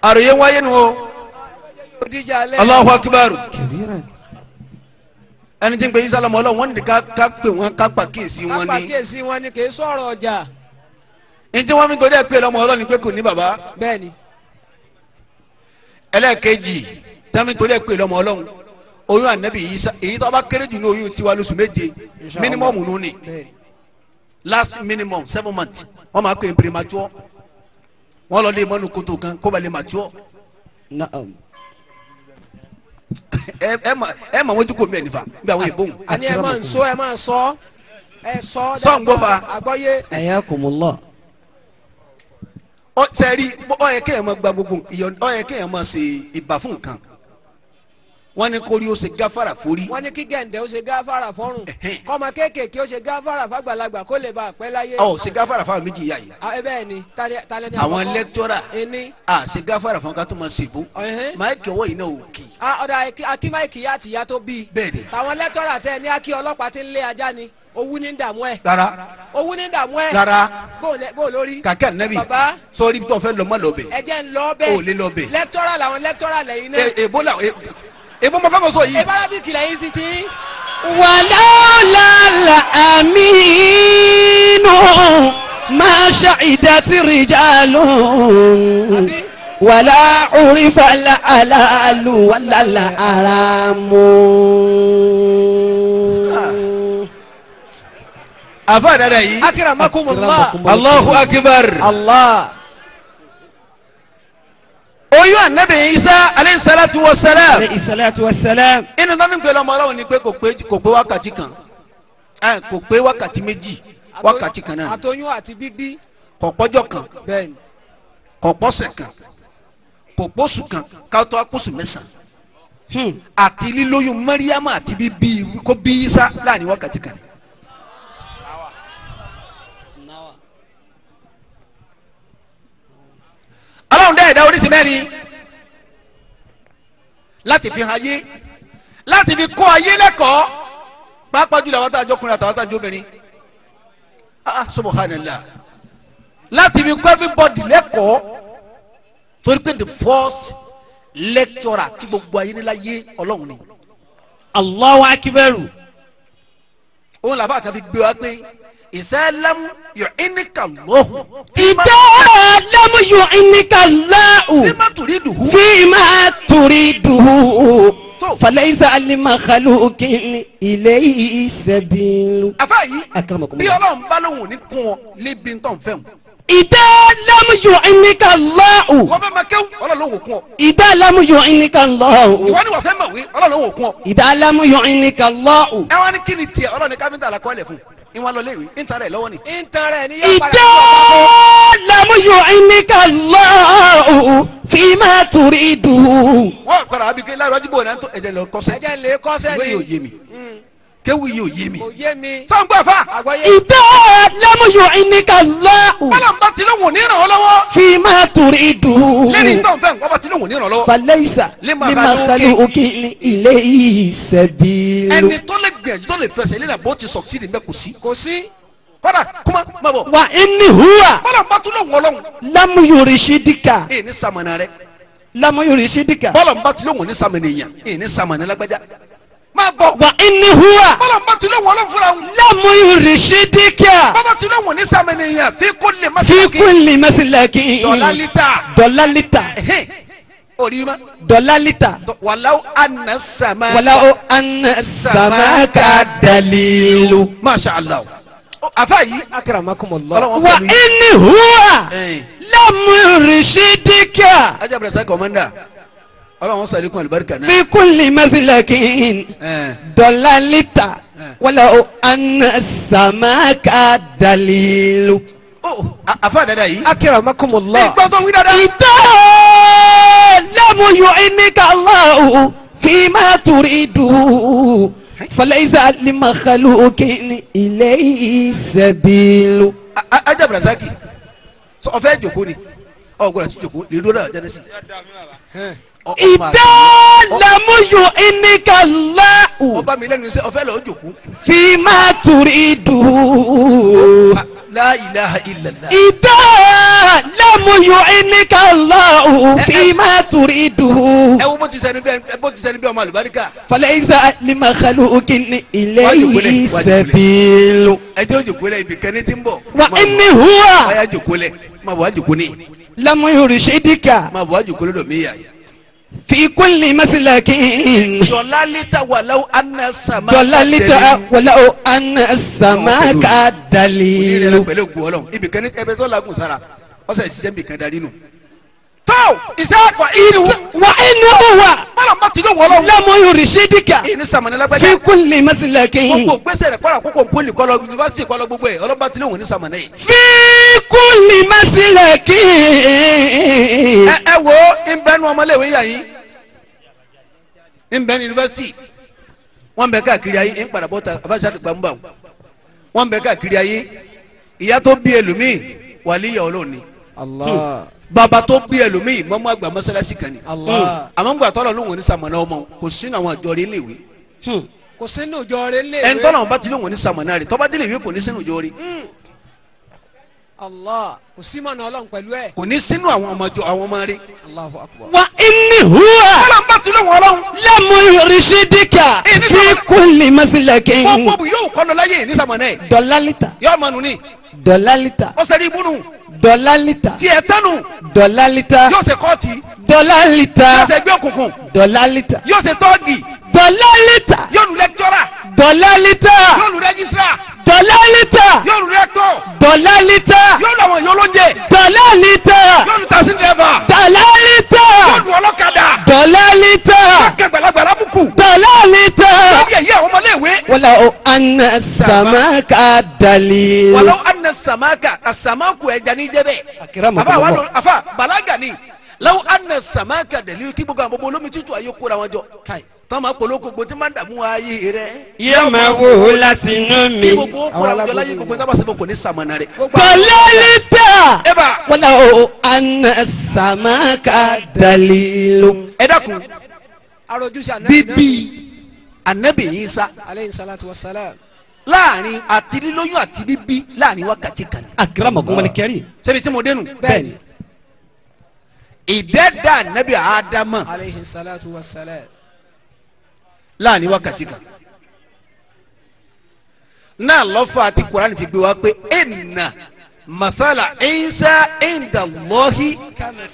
Speaker 2: àròyé wáyé nu o Allahu akíbẹ̀rù. ẹni tí ń pe isa lọmọ ká pè ká pàkíyèsí wọn ni. ká pàkíyèsí wọn ni kì í sọ̀rọ̀ ọjà. ní tí wọ́n fi torí lọmọ ni pé kò ní bàbá. bẹ́ẹ̀ni. ẹlẹ́ẹ̀kejì tí wọ́n fi torí ẹ̀ pé lọmọ ọlọ́run oyún ànábì isa èyí tó bá kéré jù ní oyún tiwa lóṣù méje minimum ni last minimum seven months wọn máa pè é premature wọn lọ lé mọ́nú kótó kan kó E ma wọ́n jókòó mbẹ́ nífa bí àwọn ìbò ń. àní ẹ máa ń sọ ẹ máa sọ ẹ sọ dáadáa àgbọ́yé. ẹ̀yà kò mú lọ. ọ sẹ́ẹ̀rí ọ yẹ kéèyàn máa gba gbogbo ọ yẹ máa ṣe ìbà fún nǹkan. wọ́n ní kórí ó ṣe gáfàrà forí. wọ́n ní kí gẹ̀ǹdẹ̀ ó ṣe gáfàrà fọ́rùn. kọ́mọ kéékèèké ó ṣe gáfàrà fàgbàlagbà kó lè ba àpẹ́ láyé. ọ ṣe gáfàrà fáwọn méjì yá yìí. ẹ bẹ́ẹ̀ ni talẹ́ ni àkọ́kọ́. àwọn lẹ́tọ́rà ẹni. a ṣe gáfàrà fún ká tó máa ṣèbó. máìkì ọwọ́ yìí náà ò kì. ọ̀dà akí máìkì yá ti yá tó bí. bẹ́ẹ̀ni. tàwọn lẹ́tọ́rà tẹ ní akí ọlọ́pàá ti ń ni owú ní Tara. ẹ. rárá owú ní dààmú ẹ. rárá bó lórí. kàkẹ́ nẹ́bí baba sọ́ọ́rí tó fẹ́ lọ́mọ́ lọ́bẹ̀. ẹ jẹ́ ń lọ́ọ́bẹ̀. o lè lọ́ọ́bẹ̀. lẹ́tọ́rà làwọn lẹ́tọ́rà lẹ́yìn náà. èbó làwọn èbó mo fẹ́ mọ̀ sọ yìí. ẹ bá rábì kìlẹ̀ yín sí ti. wàláwùlà àmínú máa ṣe ìdásí rìjálù wàlá òrìfà làálù wàlá làárámù àbá dada yìí. akiramakumullah. allahu akbar. allah oyún anabi isa aleyhi salatu wa salam. aleyhi salatu wa salam. inú nami gbẹlẹ ọmọ ọlọ́run ni pé kò pé kò pé wákàtí kan ẹ kò pé wákàtí méjì wákàtí kan náà. àtọyún àti bíbí. kò pọ́jọ́ kan. bẹ́ẹ̀ni. kò pọ́sẹ̀ kan. kò pọ́sù kan káwọ́tọ́ akóso mẹ́sàn-án. Hmm. àti lílóyún mẹ́ríàmù àti bíbí kó bí isa láàrin wákàtí kan. ọlọ́run dẹ́ ẹ̀dá oríṣi mẹ́rin láti fi hàn ayé láti fi kó ayé lẹ́kọ̀ọ́ pàápàá jùlọ àwọn àtàjọ ọkùnrin àtàwọn àtàjọ obìnrin ah, ah subhanallah láti fi kó everybody lẹ́kọ̀ọ́ torí pé the first lecturer tí gbogbo ayé níláyé ọlọ́run ni Allahu akíbẹ̀rù òun làbá àtàfi gbé wa pé إذا لم يعنك الله إذا لم يعنك الله فيما تريده فيما تريده فليس لمخلوق إليه سبيل أفاي أكرمكم bí Ọlọ́run bá lóhùn ní kún ọ lébi ń tàn fẹ́hùn. Ìdá lámúyò ẹnìkà lọ́ọ̀hù. Wọ́n fẹ́ máa kéwù ọlọ́lọ́wọ̀ kún ọ. Ìdá lámúyò Ìwọ ni wọ́n fẹ́ mọ̀ wí ọlọ́lọ́wọ̀ kún ọ. Ìdá ń wá lọ léèwé ń tarẹ̀ lọ́wọ́ ni. ń tarẹ̀ ni yóò padà sí ọ̀gá fún. lámúyọ̀ ìníkà lọ́ọ̀ọ́ fi máa torí dùn. wọ́n padà wá bí bò náà tó ẹ̀jẹ̀ lè kọ́sẹ̀ ìwé yóò yé mi. Hmm kéwù yìí ò yé mi. sọ́ńgbà fa. ìdá lẹ́múyò ìníkà lọ́hùn. bọ́lá ń bá tilẹ̀ wò ní ìrànwọ́ lọ́wọ́. fi máa torí ìdùn. lẹ́ni tó ń fẹ́ nǹkan bá tilẹ̀ wò ní ìrànwọ́ lọ́wọ́. balẹ̀yìísà lima sali òkè ilé ìṣẹ́ bí. ẹni tó lè gbìyànjú tó lè fẹsẹ̀ nílẹ̀ bó ti sọ̀kìsì mẹ́ kò sí. kò sí kọ́dà kuma má bọ̀. wà á ní hùwà. bọ́lá ń bá tilẹ̀ wò lọ́wọ́. lámúyòrì sí dìkà. ee ní samana rẹ. lámúyòrì sí dìkà. bọ́lá ń bá ní samana èèyàn. ee ní samana lágbájá máa bọ̀. wà á ní húwà. bọ́lá bá tilẹ̀ wọlé fúnra wọn. lámú ìrìnsì díkà. bọ́lá tilẹ̀ wọ̀ ní sàmìnìyàn fi kulli masilaki. fi kulli masilaki. dọ̀lálítà. dọ̀lálítà. orí ma. dọ̀lálítà. wàláwó anna sàmà. wàláwó anna sàmà ká dalilu. masha allah afa yi. akaramakumala. wa ini huwa. lamu ìrìnsì díkà. ajabirasa kọmanda ọlọ́run sọ̀rọ̀ ikú àlùbáríkà náà. fi kulli maslakin dọ̀lálítà wàlà anna samaka dalilu. àfa dada yìí. akramakumullah. ìgbà tó ń wí dada. ìtọ́ lamu yu'innika Allahu fima turidu falaysa limakhluqin ilayhi sabilu. ajá brazaki ọ̀fẹ́ jòkó ni ọ̀gbọ́n àti jòkó lè dúró náà jẹ́nẹ́sì. Oh, oh ìdánlámúyò ìníkàláhù. ọba mi lẹ́nu iṣẹ́ ọ̀fẹ́ lọ́ọ́ jòkó. fi máa turi dùn. la ilaha illallah. ìdánlámúyò ìníkàláhù. Eh, eh. fi máa turi dùn. ẹ wo bó ti sẹni bẹ́ẹ̀ bó ti sẹni bẹ́ẹ̀ ọmọ àlùbáríkà. falẹ̀ isa lima xalu kini ilé yìí sẹ́bìlù. ẹ jẹ́ òjòkó lẹ ibi kẹ́ni tí ń bọ̀. wa ẹni huwa. ọ̀ya jòkó lẹ máa wá jòkó ní. lamuyorì ṣe dika. máa wá jòkó lọ́dọ̀ mi yà yà fi kulli maslakin. jọlalita walaw anna sama. jọlalita walaw anna sama ka dalilu. o yɛrɛ pẹ̀lẹ́ gbɔlɔ ibi kɛnɛ ɛbɛ tɔ lagun sara ɔsɛ sisɛ bi kan dali tó ìṣe wa inú. wa inú wa. bala ma ti ló wọlọ. lamu yorì sídìkà. èyí ni samani lágbájá. fi kun lè masila gbogbo gbèsè rẹ kọ́ra kókó poli kọ́lọ yunifásitì kọ́lọ gbogbo ẹ̀ ọlọ́ba ti ló wọ̀ ní samani yìí. fi kun lè masila ẹ ẹ wo nbẹnu ọmọléwé yà yín nbẹnu yunifásitì wọn bẹ káàkiri ayé ń padà bọ́ta wọn bẹ káàkiri ayé ìyá tó ẹlòmíì wàlíyà ọlọ́ọ̀ni Allah. Hmm. bàbá tó bí ẹlòmíì mọ́mú àgbà mọ́sálásí kan ni. Allah. Hmm. àmọ́ ngbà tọ́lọ̀ lóhùn ní sàmọ̀nà ọmọ kò sínú àwọn àjọ rẹ̀ léwe. Hmm. kò sínú ìjọ rẹ̀ léwe. ẹ̀ńtọ́nà bá ti lóhùn ní sàmọ̀nà rẹ̀ tọ́ba délé ìwé kò ní sínú ìjọ rẹ̀. Allah kò sí mọ̀nà ọlọ́run pẹ̀lú ẹ̀. kò ní sínú àwọn ọmọjọ àwọn ọmọ rẹ. Allahu akbar. wa inni huwa. kọ́lá ń bá tún lóhùn ọlọ́run. lamu risidika. fi kulli maslakin. wọ́n pọ̀ bù yóò kọ́nà láyé ní sàmọ̀nà ẹ̀. dọ̀lálítà. yóò mọ̀ ni. dọ̀lálítà. ó sẹ́ni ibùnú. dọ̀lálítà. tiẹ̀ tánu. dọ̀lálítà. yóò ṣe kọ́ọ̀tì. dọ̀lálítà. yóò ṣe gbé dọ̀lálítà. yóò rú rẹ́tọ̀. dọ̀lálítà. yóò lọ àwọn yòó ló jẹ. dọ̀lálítà. yóò lu tasi dẹ́fà. dọ̀lálítà. yóò lu ọlọ́kadà. dọ̀lálítà. kẹ́kẹ́ gbalagbala bukú. dọ̀lálítà. sọ́dí ẹ̀yẹ́ àwọn ọmọléèwé. wàlá o anna samaka dalil. wàlá o anna samaka ka samaku ẹja ní jẹ bẹ́ẹ̀. akira mọ̀ kọ́ bọ̀. àfa balaga ni law anna samaka dalilu kí gbogbo àbọ̀bọ̀ olómi tútù ayé kóra wọn jọ káì tọ́mọ polóko gbòtí máa ń dààmú ayé rẹ. yóò máa wò ó láti inú mi. kí gbogbo kóra wọn jọ láyé gbogbo tábà sẹ́fọ̀ kò ní sàmọ̀nà rẹ̀. kọ́lẹ́lì tà. ẹ bá. law anna samaka dalilu. ẹ dákun bíbí anabi Isa. aleyhi salatu wa salam láàrin àti lílóyún àti bíbí láàrin wákàtí kan. akérèmọ̀gbọ́n wọn ni kẹrin. ṣebí tí mo dénú. bẹ́ẹ̀ni ìdẹ́dà nabi adama alayhi salatu wa salam láàrin wákàtí kan náà lọ́fọ̀ àti Qur'an fi gbé wa pé ẹ̀nà masala Isa inda Allahi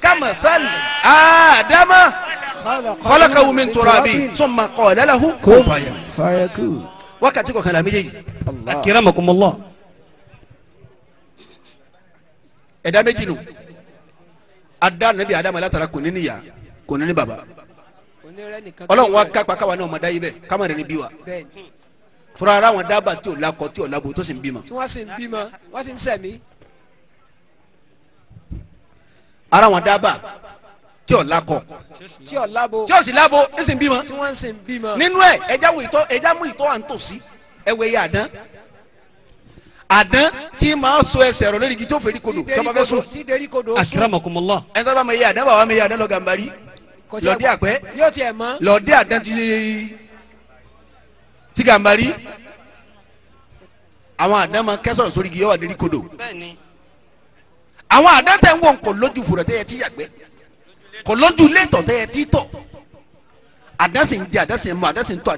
Speaker 2: kamasala adama khalaqahu min turabi thumma qala lahu kun fayakun wákàtí kọ̀ọ̀kan la méjèèjì akiramakumullah ẹ̀dá méjì nù adá anabi adamu alátara kò ní níyà kò ní ní baba ọlọ́run wa kápá káwa náà ọmọdé yìí bẹ́ẹ̀ káma rẹ̀ ní bí wa fúra ara wọn dábàá tí ò lakọ tí ò labo tó sì ń bímọ. tí wọ́n sì ń bímọ wọ́n sì ń sẹ̀mí. ara wọn dábàá tí ò lakọ tí ò labo tí ò sì labo ń sì ń bímọ. tí wọ́n sì ń bímọ. nínú ẹ̀ ẹja mú ìtọ́ à ń tòsí ẹ̀wẹ̀ yà dán àdán tí màá so ẹsẹ̀ rọ lórí igi tó fèrí kodò tọ́ba fẹ́ sùn. akiramakumullah. ẹ sábà ma ye àdán bàbá ma ye àdán lọ gàmbari lọ́dí àpẹ́ lọ́dí àdán ti gàmbari àwọn àdán ma kẹsàn sórí igi yóò wà lórí kodò. àwọn àdán tẹ̀ ń wọ̀n kò lójú fúrọ̀ tẹ̀ ti yàgbẹ́ kò lójú létọ̀ tẹ̀ ti tọ̀ àdán sì ń jẹ àdán sì ń mu àdán sì ń tọ̀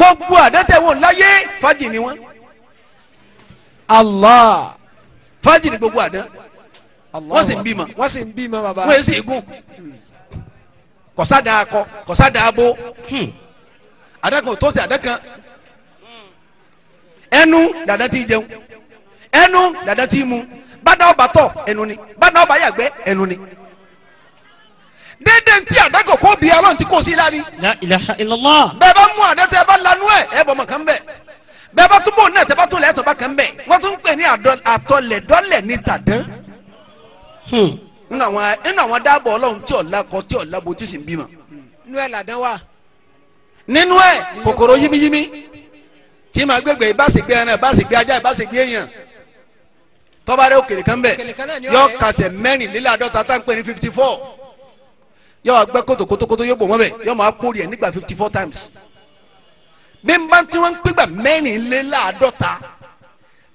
Speaker 2: gbogbo àdẹ́tẹ̀ wọn láyé fájì ni wọn Allah fájì ni gbogbo àdán wọ́n sì ń bímọ wọ́n sì ń bímọ bàbá wọ́n sì gùn kọ̀sádà akọ kọ̀sádà abo hmm. àdàkùn tó sì àdàkàn ẹnu dàda ti jẹun ẹnu dàda ti mu bá náà bàtọ̀ ẹnu ni bá náà bá yàgbẹ́ ẹnu ni. dédé ntí àdágò kó bí ọlọ́run tí kò sí lárí. la ilaha illallah. bẹ́ẹ̀ bá mú àdá bá lanú ẹ ẹ bọ̀ mọ̀ bẹ́ẹ̀ bẹ́ẹ̀ bá túbọ̀ náà tẹ bá tún lẹ́ẹ̀tọ̀ bá kàn bẹ́ẹ̀ wọ́n tún pè ní àtọlẹ̀dọ́lẹ̀ ní tàdán. Hmm. nínú àwọn dábọ̀ ọlọ́run tí ọ̀la kọ tí ọ̀la bo tí sì ń bímọ. nínú làdán wà. nínú kòkòrò yímíyímí tí yọ àgbẹ kótó kótókótó yóò bò wọn bẹ yọ máa kórè ẹ nígbà fifty four times bí n bá tí wọn ń pègbà mẹ́rin lé láàdọ́ta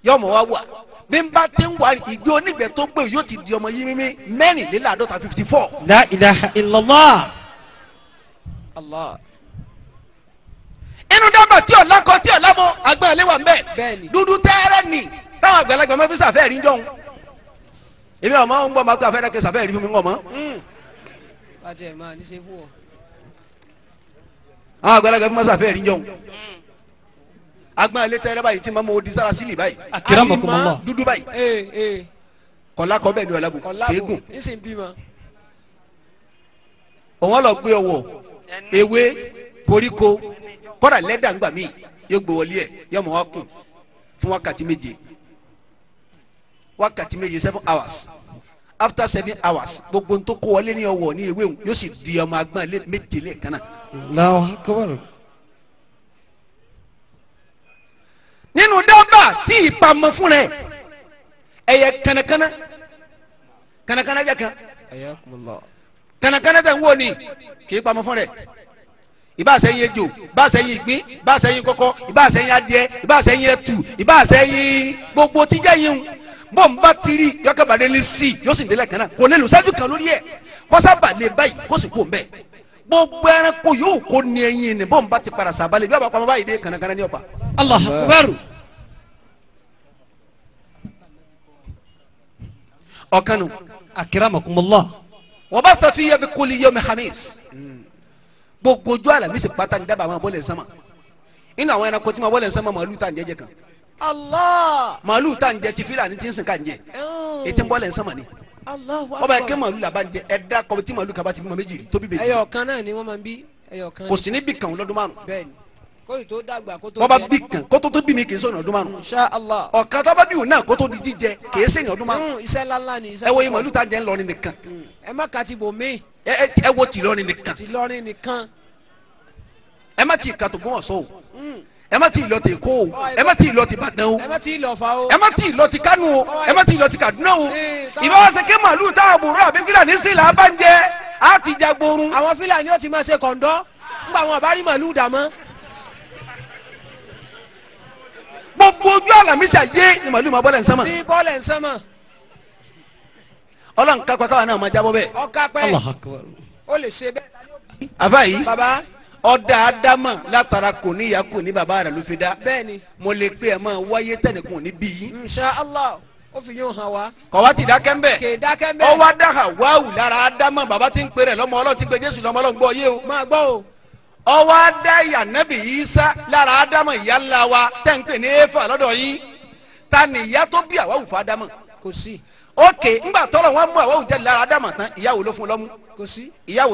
Speaker 2: yọ mọ wá wà bí n bá tí ń wà ìgbé onígbẹ tó ń yóò ti di ọmọ yìí mímí mẹ́rin fifty four. Na, ilaha illallah. allah. inú dábàá tí ọ̀la kọ tí ọ̀la mọ agbára lé wà ń bẹ̀ dúdú tẹ́rẹ́ nì táwọn àgbàlagbà máa fi sàfẹ́ rí jọ̀hún èmi ọmọ ń gbọ́ máa àfẹ́rẹ́ kẹ rí fún mi ń gbọ́ mọ́. Hmm àti ẹ̀ máa ní ṣe fún ọ.
Speaker 1: àwọn àgbàlagbà fún mọ́sáfẹ́ rí jọun
Speaker 2: mm. agbọn ilé tẹ́lẹ̀ báyìí tí mọ́mọ́ odi sára sílì báyìí àkìràmọ̀kùnmọ́ dúdú báyìí kọ̀lá kọ́ bẹ́ẹ̀ ni ọ̀làbù kéégùn òun lọ gbé ọwọ́ ewé koríko kọ́dà lẹ́dà ńgbà míì yóò gbé wọlé ẹ̀ yóò mọ̀ wá kù fún wákàtí méje wákàtí méje seven hours after seven hours gbogbo tó kó wọlé ní ọwọ́ ní ewé òun yóò sì di ọmọ agbọ́n méje lẹ́ẹ̀kan náà.
Speaker 1: làwọn akọ́wọ́rọ̀.
Speaker 2: nínú dábàá tí ìpamọ́ fún rẹ̀ ẹ̀yẹ kànákànná kànákànná jẹ́ kan kànákànná jẹ́ ń wò ní kì í pamọ́ fún rẹ̀ ìbáṣẹ́yìn ejò ìbáṣẹ́yìn ìgbín ìbáṣẹ́yìn kọ́kọ́ ìbáṣẹ́yìn adìẹ ìbáṣẹ́yìn ẹtù ìbáṣẹ́yìn gbogbo tíjẹ́yìn bọ́n tiri ti rí yọkàbàdé lé sí i yóò sì délẹ̀ kan náà kò nílò ṣáájú kan lórí ẹ̀ kọ́sábà lè báyìí kó sì kú òun bẹ́ẹ̀ gbogbo ẹranko yóò kó ní ẹyin ni bọ́n bá ti padà sàbálẹ̀ bí wàá pamọ́ báyìí dé kànákànná ní ọ̀pá. Allahu Akbar. ọ̀kanu. akiramakumullah. bá sọ fún yẹ́bi kúlí yẹ́mi hamis. gbogbo ojú àlàmísì pátá ní dábàá máa bọ́lẹ̀ sánmà. inú àwọn ẹranko tí máa bọ́lẹ̀ sánmà màálù tá à ń jẹ́jẹ́ kan. Allah. màálù tá n jẹ ti fílàní tí n sìn ká n jẹ ètí n bọ́lẹ̀ nsọ́mọ̀ ni ọba ẹ̀kẹ́ màálù làbá ń jẹ ẹ̀dá kọ́ tí màálù kaba ti bímọ méjì rí tóbi méjì. ẹyọ kan náà ni wọn máa ń bí ẹyọ kan. kò sí ní bí kan lọ́dún márùn. bẹ́ẹ̀ni kóòtù tó dàgbà kótó. bọ́ba bí kan kótó tó bí mi kì í sọ̀nà ọdún márùn. Allah. ọ̀kan tó bá bí òun náà kótó di jíjẹ kì í sẹ̀yìn ọdún márùn. Hmm, iṣẹ́ ńláńlá ni iṣẹ́. ẹ wo ìmọ̀ ìlú tá a jẹ́ ńlọrin ẹ má ti lọ ti kó o ẹ má ti lọ ti Ìbàdàn o ẹ má ti lọ ti Kánò o ẹ má ti lọ ti Kaduna o ìbáwá ṣe ké màálù táwọn àbúrò àbí Fúlàní sí là bá ń jẹ á ti jagborun. àwọn Fúlàní ó ti máa ṣe kọ̀ǹdọ́ nígbà àwọn àbárí màálù dà mọ́. gbogbo ojú àlàmísà yé ni màálù máa bọ́lẹ̀ ń sánmà. bọ́lẹ̀ ń ọlọ́run kápẹ́ káwa náà máa jábọ́ bẹ́ẹ̀. ọkà pẹ́ ó lè ṣe bẹ́ẹ̀. baba ọ̀dà ádámà látara kò ní ìyá kò ní bàbá rẹ̀ ló fi dá. bẹ́ẹ̀ni. mo lè pe ẹ̀ máa wáyé tẹnìkan ní bí. insha allah ó fi yóò hàn wá. kọ̀wá ti dákẹ́ ń bẹ̀. kè dákẹ́ ń bẹ̀. ọwọ́ adáhà wáwù lára ádámà bàbá ti ń pe rẹ̀ lọ́mọ ọlọ́run ti pe jésù lọ́mọ ọlọ́run gbọ́ yé o. máa gbọ́ o. ọwọ́ adá ìyànẹ́bì yísá lára ádámà ìyá ńlá wa tẹ̀ ń pè ní éfà lọ́dọ̀ yín. ta ni ìyá tó bí àwáwù fún ádámà. kò sí. ókè ńgbà tọ́lọ̀ wọn mú àwáwù jáde lára ádámà tán ìyáwó ló fún lọ́mú. kò sí. ìyáwó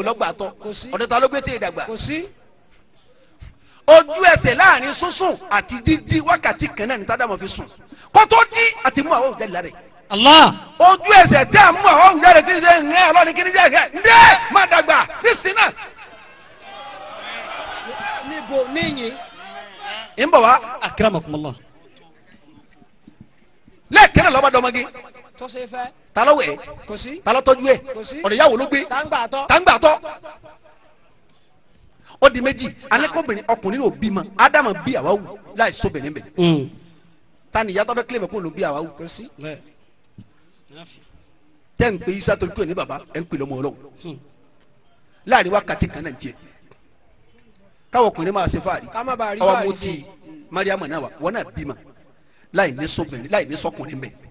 Speaker 2: ojú ẹsẹ̀ láàrin sísùn àti dídí wákàtí kan náà ní tádàmọ́ fi sùn kó dí àti mú àwọn òjẹ́lẹ̀ rẹ̀. Allah. ojú ẹsẹ̀ tí a mú àwọn òjẹ́lẹ̀ tí ṣe ń rẹ́ ọlọ́ni kí ni jẹ́ ẹ̀ ǹdẹ́ má dàgbà ní sinna. níbo níyìn. ń bọ̀ wá. akramakumullah. lẹ́ẹ̀kẹ́rẹ́ lọ́ba dọ́mọ́gí. tó fẹ́. talọ́wẹ̀. kò talọ́tọ́jú ẹ̀. kò sí. ló gbé. tàǹgbà àtọ́ ó di méjì alẹ́kọ̀ọ́bìnrin ọkùnrin yóò bímọ ádámù bí àwa wù láì sóbìnrin bẹ̀. Hmm. ta ni ìyá tó fẹ́ kílèmọ̀ kó ló bí àwa wù kẹ́ sí. tẹ́ ń pe isa torí kúrò ní baba ẹ̀ ń pè lọ́mọ ọlọ́wọ́ hmm. láàrin wákàtí kan náà jẹ káwọn ọkùnrin máa ṣe fáàrí ọwọ́ mo ti mariamu náà wà wọ́n náà bímọ láì ní sóbìnrin láì ní sọkùnrin bẹ́ẹ̀.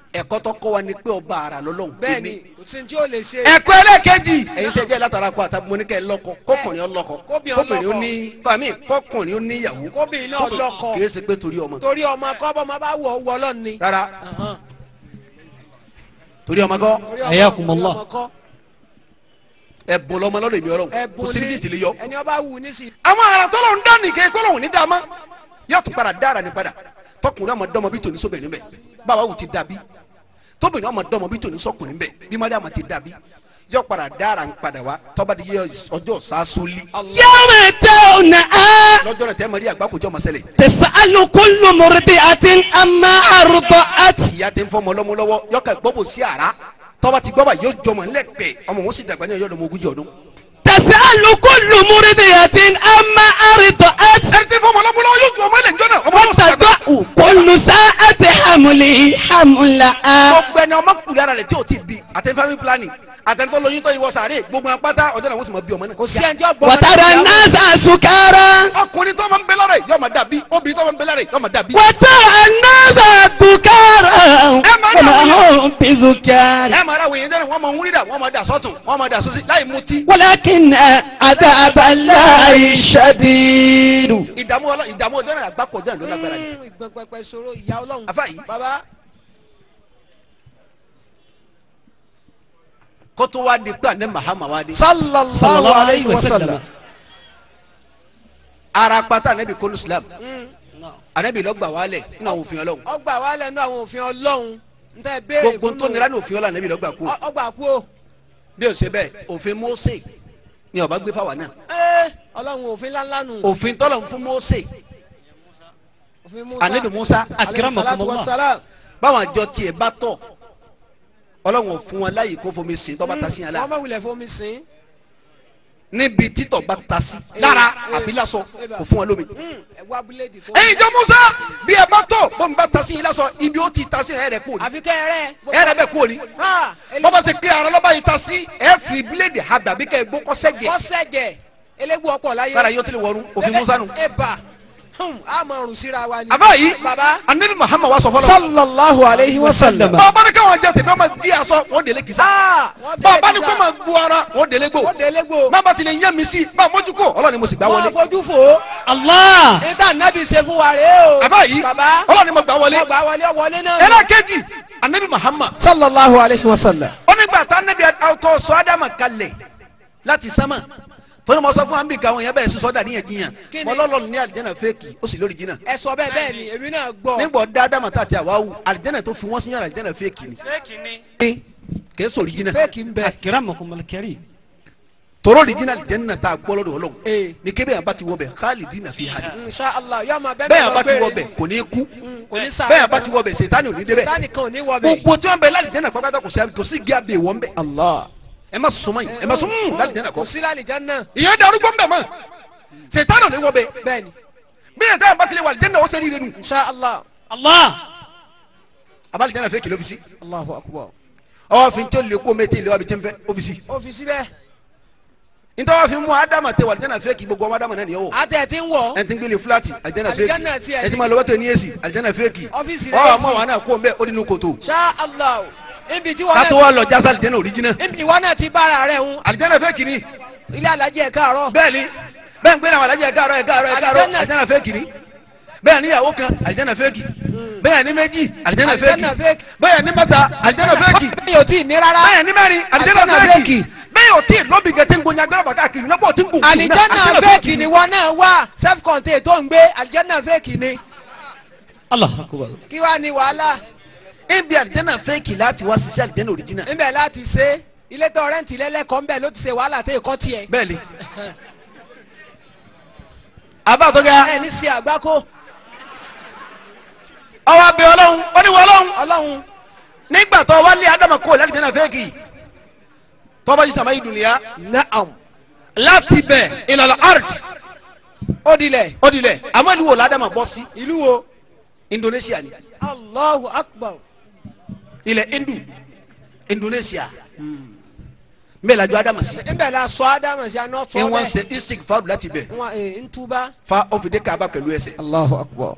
Speaker 2: ẹ̀kọ́ tó kọ́ wa ni pé ọba ara lọ́lọ́hún. bẹ́ẹ̀ni kò sí tí o lè ṣe. ẹ̀kọ́ ẹlẹ́kẹ̀jì. ẹ̀yin àtàbí mo ní kọkùnrin ọlọ́kọ kọkùnrin ó ní fami kọkùnrin ó ní ìyàwó kọkùnrin náà lọ́kọ kì í ṣe pé torí ọmọ. torí ọmọ kọ́bọ̀ máa bá wọ̀ ọ́ wọ lọ́ni. rárá torí ọmọ kọ́. ẹ̀yà kùmọ̀lá ẹ̀bùn lọ́mọ lọ́dọ̀ èmi ọlọ́run kò sí ní ìdílé yọ. ẹni ọba wù ní ń dán nìkẹ́ kọ́lọ̀ ní ní padà tọkùnrin ọmọdé báwa wò ti dàbí tóbìnrin ọmọ dọmọ bí tòní sọkùnrin bẹ bí mariam ti dàbí yóò padà dára ń padà wá tọ́ba di ọjọ́ sásúlì. yọ̀rọ̀ tẹ ò á. lọ́jọ́ rẹ̀ tẹ́ mọ̀ àgbákòjọ́ mọ̀sẹ̀lẹ̀. tẹ̀sán alukóló mọ̀rẹ́dẹ́ àti àmà àrùbọ̀ àti. ìyá ti ń fọmọ lọ́mọ lọ́wọ́ yọ̀ọ́ kẹ́ gbọ́bọ̀ sí àrá tọ́ba ti gbọ́bà yóò jọmọ̀ ńlẹ̀ ọmọ òun sì dàgbà ní ọyọ́ lọ́mọ ogójì ọdún tẹ̀síàlù kò lù múrí ni yàtí ẹ má àrìtọ̀ ẹ. ẹ ti fọmọ lọ́mọ lọ́wọ́ yóò ju ọmọ ilẹ̀ jọ́nà. wọ́n tàgbà kò lù sá ẹ ti hàmùlì ọgbẹni ọmọkùnrin ara rẹ tí o ti bi àti family planning àtẹnitọ́ lóyún tó yìí wọ sàárè gbogbo wọn ọjọ́ náà wọ́n sì mọ bí ọmọ náà kò sí ẹjọ́ gbọ́. wọ́tara náà ọkùnrin tó máa ń bẹ lára yóò máa dàbí obìnrin tó máa ń bẹ lára yóò máa dàbí. wọ́tara náà sàṣùkárà. ẹ máa dà wọ́n pizukari. ẹ máa dà wọ́n yẹn jẹ́rìí wọ́n máa ń wúrídà wọ́n máa dà sọ́tún wọ́n máa dà sósì láì mutí. walakin adaba láì kó tó wá di pé àná mahama wá di. sallallahu alayhi wa sallam. ara pátá anabi kọlu islam anabi hmm. lọ gbà wálẹ̀ nínú àwọn òfin ọlọ́run. ọgbà wálẹ̀ nínú àwọn òfin ọlọ́run ntẹ béèrè fún mi. gbogbo tó nira ní òfin ọlọ́run anabi lọ gbà kú. ọgbà kú o. bí o ṣe bẹ́ẹ̀ òfin Mósè ni ọba gbé fáwa náà. ẹ eh, ọlọ́run òfin ńláńlá nù. òfin tọ́lọ̀ ń fún Mósè. anabi Musa akiramakumullah. báwọn àjọ tiẹ̀ bá tọ̀ ọlọ́run ò fún wọn láyè kó fomi sìn tọ́ bá ta sí yàn lára. wọ́n bá wulẹ̀ fomi sìn. níbi títọ̀ bá ta sí lára àbí lásọ kò fún wọn lómi. ẹyin jọ musa bí ẹ bá tọ̀ bọ́n bá ta sí yín lásọ ibi ó ti ta sí ẹ̀rẹ̀ kú òní. àfikẹ́ ẹ̀rẹ́. ẹ̀rẹ́ bẹ́ẹ̀ kú òní. bọ́bá ti pé ara lọ́ba yìí ta sí ẹ̀ fi bíléèdì àgbà bí kẹ́ ẹ gbó kọ́sẹ́gẹ̀. kọ́sẹ́gẹ̀ elégbó ọkọ̀ láyé. sára yóò tẹ̀lé wọrú òfin musa nù a máa rùn síra wa ni. àbá yìí anabi muhammad wa sọ fọlọ. sallallahu alayhi wa sallam. bàbá ní káwọn jẹ tẹ̀fẹ́ ma di aṣọ wọn délé kìsà. Ah, bàbá ní kó ma bu ara wọn délé gbò. wọn délé gbò. bàbá tilẹ̀ yẹ́ mi sí bá mójú kó ọlọ́ni mo sì gbà wọlé. wọn fojú fo. allah. ètò anabi ṣe fún wa rè o. àbá yìí ọlọ́ni mo gbà wọlé. mo gbà wọlé wọlé náà. ẹlẹ́ kejì anabi muhammad. sallallahu alayhi wa sallam. ó nígbà tá anabi àtọ́ sọ tọ́ni mo sọ fún ambi kan àwọn èèyàn bẹ́ẹ̀ sísọ dà níyẹn jiyàn mo lọ́lọ́run ní àlìjẹ́nà fẹ́ẹ̀kì ó sì lórí jiyàn. ẹ sọ bẹ́ẹ̀ bẹ́ẹ̀ ni èmi náà gbọ́. nígbà dáadáa màtá àti àwáwù àlìjẹ́nà tó fi wọ́n sínú àlìjẹ́nà fẹ́ẹ̀kì ni. fẹ́ẹ̀kì ni. kì í sọ orí jiyàn. fẹ́ẹ̀kì ń bẹ. àkìrà mọ̀kùnmọ̀lì kẹrì. tọrọ orí jiyàn àlìjẹ́nà tá a gbọ́ lọ́dọ̀ ọlọ́run. ní kébé yàn bá ti wọ bẹ̀ káàlì dínà fi hàdí. bẹ́ẹ̀ Allah ẹ má sọ mọ́ yìí ẹ má sọ mọ́ láti jẹ́ nàkọ́. kò sí láti jẹ́ náà. ìyẹn dàrú gbọ́n bẹ̀ mọ́ sètánù ni wọ́n bẹ. bẹ́ẹ̀ni. bí yẹn táwọn bá tilẹ̀ wà jẹ́nà ó sẹ́ni rẹ̀ nù. insha allah. allah. abali jẹ́nà fẹ́ kìlọ̀ ọ́fíìsì. allahu akbar. ọwọ́ fi tó lè kó mẹ́tẹ́ ìlú àbí tẹ́ńfẹ́ ọ́fíìsì. ọ́fíìsì bẹ́ẹ̀. nítorí wọ́n fi mú adama tẹ wà jẹ́nà fẹ́ kì gbogbo adama náà nìyẹn o. àti ẹ̀ ti ń wọ̀. ẹ̀ ti ń gbélé fúláàtì àjẹ́nà fẹ́ kì. ẹ̀ ti máa lọ wọ́tò ní èsì àjẹ́nà fẹ́ kì. ọ́fíìsì rẹ̀ kátó wa lọ jásá àlìjẹ́nà òríjínà. ibi ìwọ náà ti bára rẹ̀ ń. àlìjẹ́nà fẹ́ kìíní. ilé alájẹ ẹ̀ka àárọ̀. bẹ́ẹ̀ni bẹ́ẹ̀ ń gbé àwọn alájẹ ẹ̀ka àárọ̀ ẹ̀ka àárọ̀ ẹ̀ka àárọ̀ àlìjẹ́nà fẹ́ kìíní. bẹ́ẹ̀ ni ìyàwó kan àlìjẹ́nà fẹ́ kì. Hmm. bẹ́ẹ̀ ni méjì àlìjẹ́nà fẹ́ kì. bẹ́ẹ̀ ni mẹ́ta àlìjẹ́nà fẹ́ kì. bẹ́ẹ̀ yóò tí ì ní rárá. bẹ́ẹ̀ ni mẹ́rin àlìjẹ́nà fẹ́ kì bẹ́ẹ̀ ò tí ì lóbi gẹ̀ẹ́tì ń gbóni agbára bàtà kìrì lọ́pọ̀ tí ń gùn. àlìjẹ́nà fẹ́ẹ̀kì ni wọn náà wà self-contained tó ń gbé àlìjẹ́nà fẹ́ẹ̀kì ni. Allah akubar. kí wàá ní wàhálà. ibi àlìjẹ́nà fẹ́ẹ̀kì láti wá ṣiṣẹ́ àlìjẹ́nà òrìjínà. ibẹ̀ láti ṣe ilé tó rẹ́ǹtì lẹ́lẹ́kọ̀ọ́ ńbẹ̀ ló ti ṣe wàhálà tó ìkọ́ tiẹ̀. bẹ́ẹ̀ni àbá tó ga. ẹni ṣe àgbákò. ọwọ́ abẹ ọlọ́run ó ní wọ ọlọ́run. ọlọ́run. nígbà tó wá lé ádámù kó láti jẹ́nà fẹ́ẹ̀kì tọ́ba yìí sàmáyé dùnìyà naam láti bẹ̀ ìlànà ard. ó dilẹ̀ àmọ́ ìlú wo ládàmà bọ́ sí. ìlú wo. Indonesia ni. Allahu akbar. ilẹ̀ hindu indonesia mbẹ la jọ adama si. mbẹ la sọ adama si anọ sọ dẹ. n wa se isik faru lati bẹ. n ntuba. fa ọfide kaba pẹ̀lú ẹsẹ̀. alahu akbar.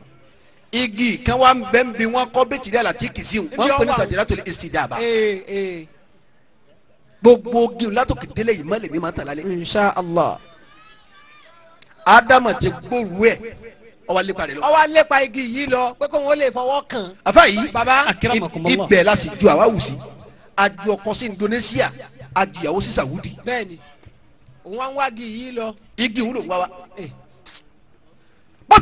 Speaker 2: igi kan wa bẹn bi wọn kọ bẹ tìlẹ la ti kisi n wọn kọni sadira toli esi daba. gbogbo gi látòkè délé yìí má lè mi má tà lálẹ́. insha allah. adama ti gbóru ẹ ọwọ́ lépa rẹ̀ lọ. ọwọ́ lépa igi yìí lọ pé kó wọn lè fọwọ́ kàn. àfa yìí ibẹ̀ láti ju àwa wù sí àjù ọkọ sí Indonesia àjù sí Saudi. bẹ́ẹ̀ni òun wá ń wá igi yìí lọ. igi wúlò wá wa. bó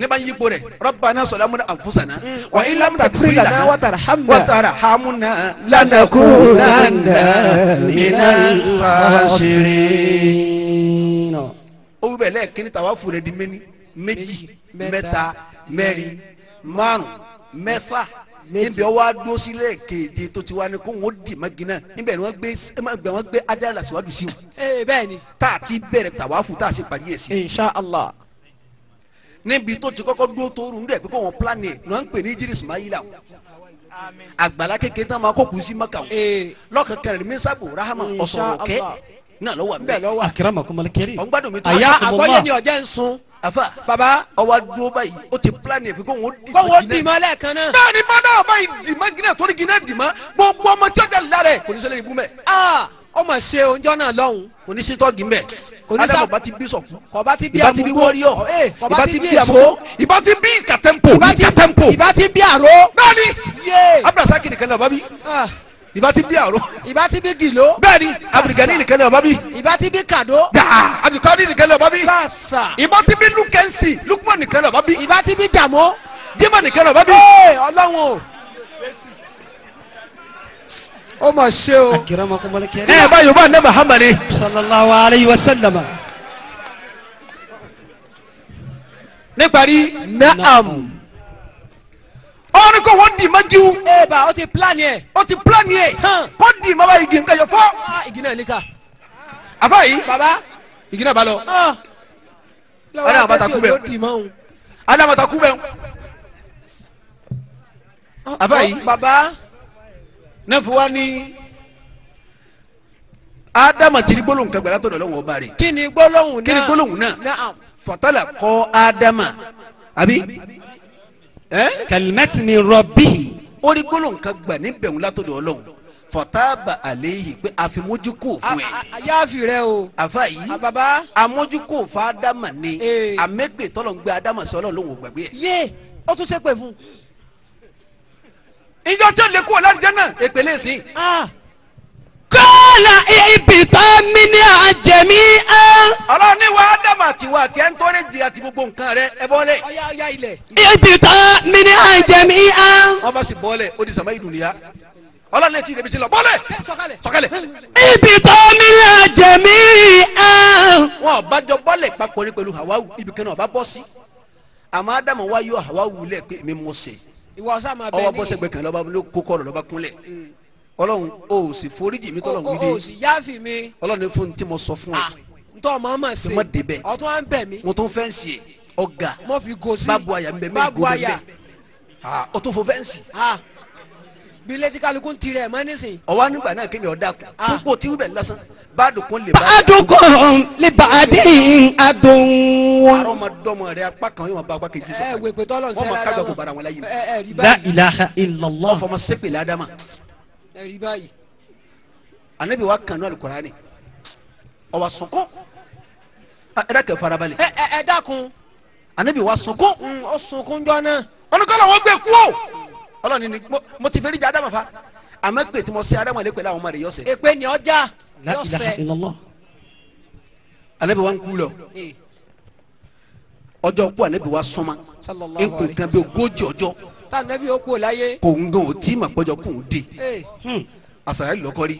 Speaker 2: ní bá ń yípo rẹ̀ Rabbana salamuna anfusana. Mm. wa ilam takfir lana wa tarhamna wa tarhamna lanakunanna minal khasirin. ó wí bẹ́ẹ̀ lẹ́ẹ̀kí ni tàwa fúnra di mẹ́ni méjì mẹ́ta mẹ́rin márùn mẹ́fà níbi ọwọ́ adó sílẹ̀ kéde tó ti wá ní kó wọ́n dì mọ́gi náà níbẹ̀ ni wọ́n gbé ẹgbẹ́ wọn gbé ajára síwájú sí wọn. ee eh, bẹ́ẹ̀ ni. tá a ti bẹ̀rẹ̀ tàwáfù tá a ṣe parí ẹ̀ sí. insha allah. níbi tó ti kọ́kọ́ dúró tó rùn dẹ̀ pé kó wọn plan ẹ̀ ni wọ́n ń pè ní idris mayila o. àgbàlá kékeré náà máa kó kùsí mọ́kà o. Eh. lọ́kàn kẹrin mísàbò rahama ọ̀sán òkè náà lọ́wọ́ mi. bẹ́ẹ̀ lọ́wọ́ akramakumul karim. ọ̀n gbádùn mi tó àyà àkọ́yé ni ọ̀jẹ̀ ń sun. àfa baba ọwọ́ dúró báyìí ó ti plan ẹ̀ fi kó wọn dì mọ́ gíná. kó wọn dì mọ́ lẹ́ẹ̀kan náà. bẹ́ẹ̀ ni mọ́dà ọba yìí dì mọ́ gíná torí gíná dì mọ́ gbogbo ọmọ tí ó jẹ́ lára ẹ̀ kò ní ṣẹlẹ̀ ibú mẹ́. aa ó mà ṣe oúnjẹ náà lọ́hùn. kò ní sítọ́ gímẹ̀. adamu ọba ti bí sọ̀kú. Eh, ìbá ti bí wọ́ríọ̀. ìbá ti bí èso. ìbá ti bí ìkàtẹ́mpò. ìbá ti bí àró. bẹ́ẹ̀ ni abdulrasaki nìkan náà bá bí. Ah ìbá ti bí àrò. ìbá ti bí gìló. bẹ́ẹ̀ni abdulgani nìkan ni ọba bí. ìbá ti bí kàdó. daa abdulkadir nìkan ni ọba bí. lásà. ìbá ti bí lukensi lukman nìkan ni ọba bí. ìbá ti bí jàmó. jimá nìkan ni ọba bí. ee ọlọ́run o. ó mà ṣe o. ẹ bá nẹ́ẹ̀mà hàmà ni. sallallahu alayhi wa sallam. níparí naam. naam ọ̀rẹ́ kò wọ́n dì má jíu. ẹ bá o ti plan ye? o ti plan ye? kò dì má bá igi nǹkan yọ fọ́. Ah, igi náà ní ká. àbá yìí. baba. igi náà bá lọ. ọ̀rẹ́ àbáta kú bẹ́ẹ̀. ọ̀rẹ́ àbáta kú bẹ́ẹ̀. àbá yìí. baba. Ne fi wá ní ádámà ti ní gbólóhùn kan gbàgbà tó dọ̀ lọ́wọ́ ọba rẹ̀. kí ni gbólóhùn náà. kí ni gbólóhùn náà kẹlẹmẹtì ni rọbì ó rí gbólóhùn kan gbà níbẹ̀ ń látọ̀dọ̀ ọlọ́run fọtaaba àléyìn pé àfimójúkò fún ẹ. àyàfi rẹ o. a a àfa yìí àbàbà. àmójúkò fún adama ni. àmẹ́gbẹ̀ tọ́lọ̀ ń gbé adama sọ́lọ̀ lóhùn gbàgbé ẹ̀. yé ó tún ṣépè fún. ìjọ tí ó lè kú ọ̀la jẹ́ náà èpè lè sìn. Ah kọ́ọ̀là ibìtọ́ mi ní àjẹmí ẹ́. ọlọ́run ní wa ádámù àtiwá àti ẹ̀ ń tọ́ ní jìyà àti gbogbo nǹkan rẹ ẹ bọ́lẹ̀. ibìtọ́ mi ní àjẹmí ẹ́. wọ́n bá sì bọ́lẹ̀ ó di sàmáyé dùnìyà ọlọ́run létí ìrèbí ti lọ bọ́lẹ̀ sọ̀kalẹ̀. ibìtọ́ mi ní àjẹmí ẹ́. wọn bá jọ bọ́lẹ̀ papọ̀ ní pẹ̀lú hawawu ibìkan náà bá bọ́ sí àmọ́ ádámù wá yọ hawawu pé mi mọ̀ ọlọ́run o ò sì foríjì mi tọ́lọ̀ wí dé o ò sì yáàfì mi ọlọ́run fún ti mo sọ fún ọ ah, ntọ́ ọmọ ọmọ ṣe mo débẹ̀ ọtún wa ń bẹ̀ mo tún fẹ́ ń ṣe ọ̀gá mo fi go sí bábu àyà ń bẹ̀ mí go bẹ̀ o tún fọ fẹ́ǹsì. Ah, bí létí kálukú ń tirẹ̀ mọ́ nísìnyí. ọ̀wá nígbà náà kémi ọ̀dà kù púpọ̀ tí wíwẹ̀ lásán bá dùnkún lè bá. bàdùnkún lè bá a dé
Speaker 1: àdùn.
Speaker 2: ma dọ́mọ rẹ apá kan yóò ma bá apá kejì sọ. ẹ eh, wèpè tọ́lọ̀ ń sẹ́ra lọ́wọ́. wọ́n ma kájọ kò bara wọn láyé mi. Eh, eh, la ilaha illallah. ọ̀fọ̀ ma sẹ́pẹ̀lẹ̀ adama ẹ̀rí báyìí anabi wa kanu alukurani ọwa sunkọ ẹ dákẹ́ farabalẹ̀. ẹ ẹ ẹ dákun. anabi wa sunkọ. ọ sunkún mm, jọ́nà. ọlọ́kọ́lọ́ wọn gbé kú o. ọlọ́ni ni mo ti fẹ́rí jẹ́ adama fa àmọ́ pé tí mo ṣe adama lé pẹ̀lú àwọn ọmọ rẹ̀ yọ̀sẹ̀. èpè ni ọjà yọ̀sẹ̀. anabi wa ń kú lọ eh. ọjọ́ kú anabi wa sọ́ma nǹkan kan bí ogójì ọjọ́ tá ànábì ó kú láyé. kò ń gan òtí mà pọ́jọ kò ń dé hmm. àṣàyà lọ́kọ́ rí.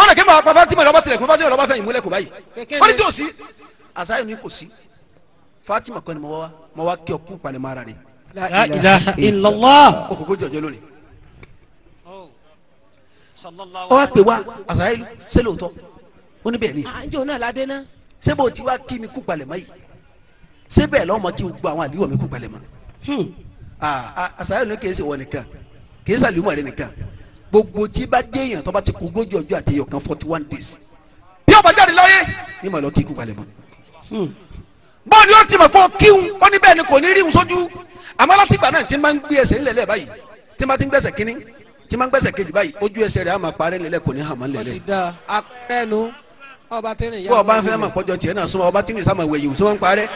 Speaker 2: ó lè kí màá pa Fatima lọ́ba tilẹ̀kùn Fatima lọ́ba fẹ̀yìn múlẹ̀ kò báyìí ó ní tí ò sí àṣàyà ni kò sí Fatima kan mo wá mo wá kí ọkùn palẹ̀ mọ́ rẹ̀. la ilaha illallah. o kò kó jọjọ lónìí. Oh. ó wá pè wá àṣàyà sẹ́lẹ̀ òótọ́ ó ní bẹ́ẹ̀ ni. àjọ náà ládé náà. ṣé bó ti wá kí mi kú palẹ̀ mọ́ yìí ṣé lọ́mọ kí n gbọ́ àwọn àdìwọ̀ mi kú palẹ̀ mọ́. Hmm àṣàyàn ní kìí ṣe wọ nìkan kìí ṣàlùmọ̀ rẹ nìkan gbogbo tí bá dé èèyàn tó bá ti kú ogójì ọjọ́ àti ẹyọkan forty one days bí ọba jáde láyé ní màá lọ kí ikú balẹ̀ mọ́. Hmm. bọ́ọ̀ ni ó ti mọ̀ fọ́ kíhun ó ní bẹ́ẹ̀ ni kò ní ríhun sójú àmọ́ látìgbà náà ti máa ń gbé ẹsẹ̀ ńlẹ̀ lẹ́ẹ̀ báyìí tí máa ti ń gbẹ̀sẹ̀ kínní tí máa ń gbẹ̀sẹ̀ kejì báyìí ojú ẹsẹ̀ rẹ̀ á máa parẹ́ lẹ́lẹ́ kò ní hàn mọ́ lẹ́lẹ́. ọba tí nìyá wọn bá ń ọba tí nìyá sàmọ̀ wẹ̀yìn sí wọ́n parẹ́.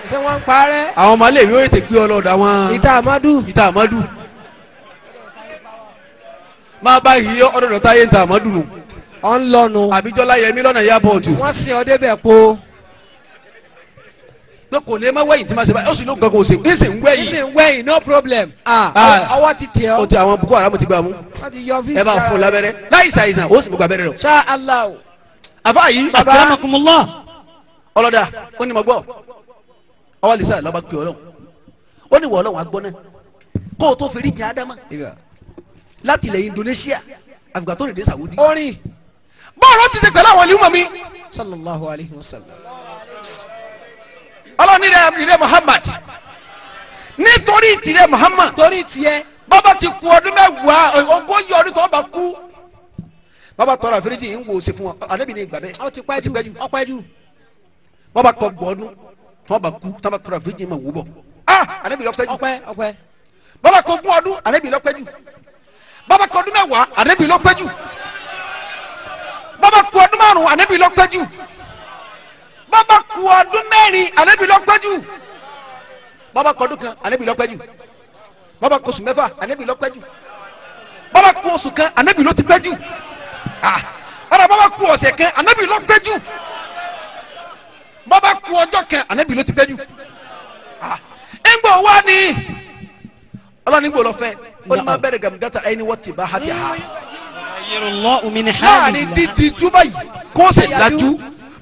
Speaker 2: parẹ́. àwọn ọmọ ilé ìwé ètè gbé ọlọ́dọ̀ àwọn. ìta àmọ́dù. ìta àmọ́dù. máa bá yí ọdọọdọ táyé ìta àmọ́dù nù. ọ ń lọnu. àbíjọ́lá yẹmí lọ́nà wọ́n sin ma ṣe wẹ̀yìn. no problem. ọwọ́ ti tẹ̀ àbá yìí bàbá akramakumullah ọlọ́dà ó ní mo gbọ́ ọwọ́ àlìsà lọ́ba pé ọlọ́run ó ní wọ́ ọlọ́run agbọ́n náà kó o tó fi ríjà ádámà láti ilẹ̀ Indonesia àgbà tó rèé Saudi. Oh, orin bọ́ọ̀lù ti ti pẹ̀lú àwọn ìlú mọ̀mí sallallahu alayhi wa sallam ọlọ́run nílẹ̀ nílẹ̀ Muhammad nítorí tìrẹ Muhammad torí tiẹ̀ bàbá ti kú ọdún mẹ́wàá ogójì ọdún tó bá kú bàbá tọrọ àforíjì ń wò ó ṣe fún wọn ànábì ní ìgbà bẹ́ẹ̀ ó ti pẹ́ jù ó pẹ́ jù bàbá kọ gbọ́dún tọ́ bá kú tọ́ bá tọrọ àforíjì mà wò bọ̀ ah ànábì lọ́pẹ́ jù ọpẹ́ ọpẹ́ bàbá kọ gún ọdún ànábì lọ́pẹ́ jù bàbá kọ ọdún mẹ́wàá ànábì lọ́pẹ́ jù bàbá kọ ọdún márùn-ún ànábì lọ́pẹ́ jù bàbá kọ ọdún mẹ́rin ànábì lọ́pẹ́ jù bàbá kọ ọdún kan ànábì lọ́pẹ́ jù bàbá kọ oṣù mẹ́fà ànábì lọ́pẹ́ jù bàbá kọ oṣù kan ànábì ló ti pẹ́ jù ọ̀rọ̀ bàbá ku ọ̀sẹ̀ kan ànábì ló pẹ́ jù bàbá ku ọjọ́ kan ànábì ló ti pẹ́ jù ẹ̀ngbọ̀n wa ni ọlọ́ni gbọ́ lọ fẹ́ ó ní máa bẹ̀rẹ̀ gàmùgàtà ẹni wọ́n ti bá ha ti ha láàrin dídí júbà yìí kó o sì lajú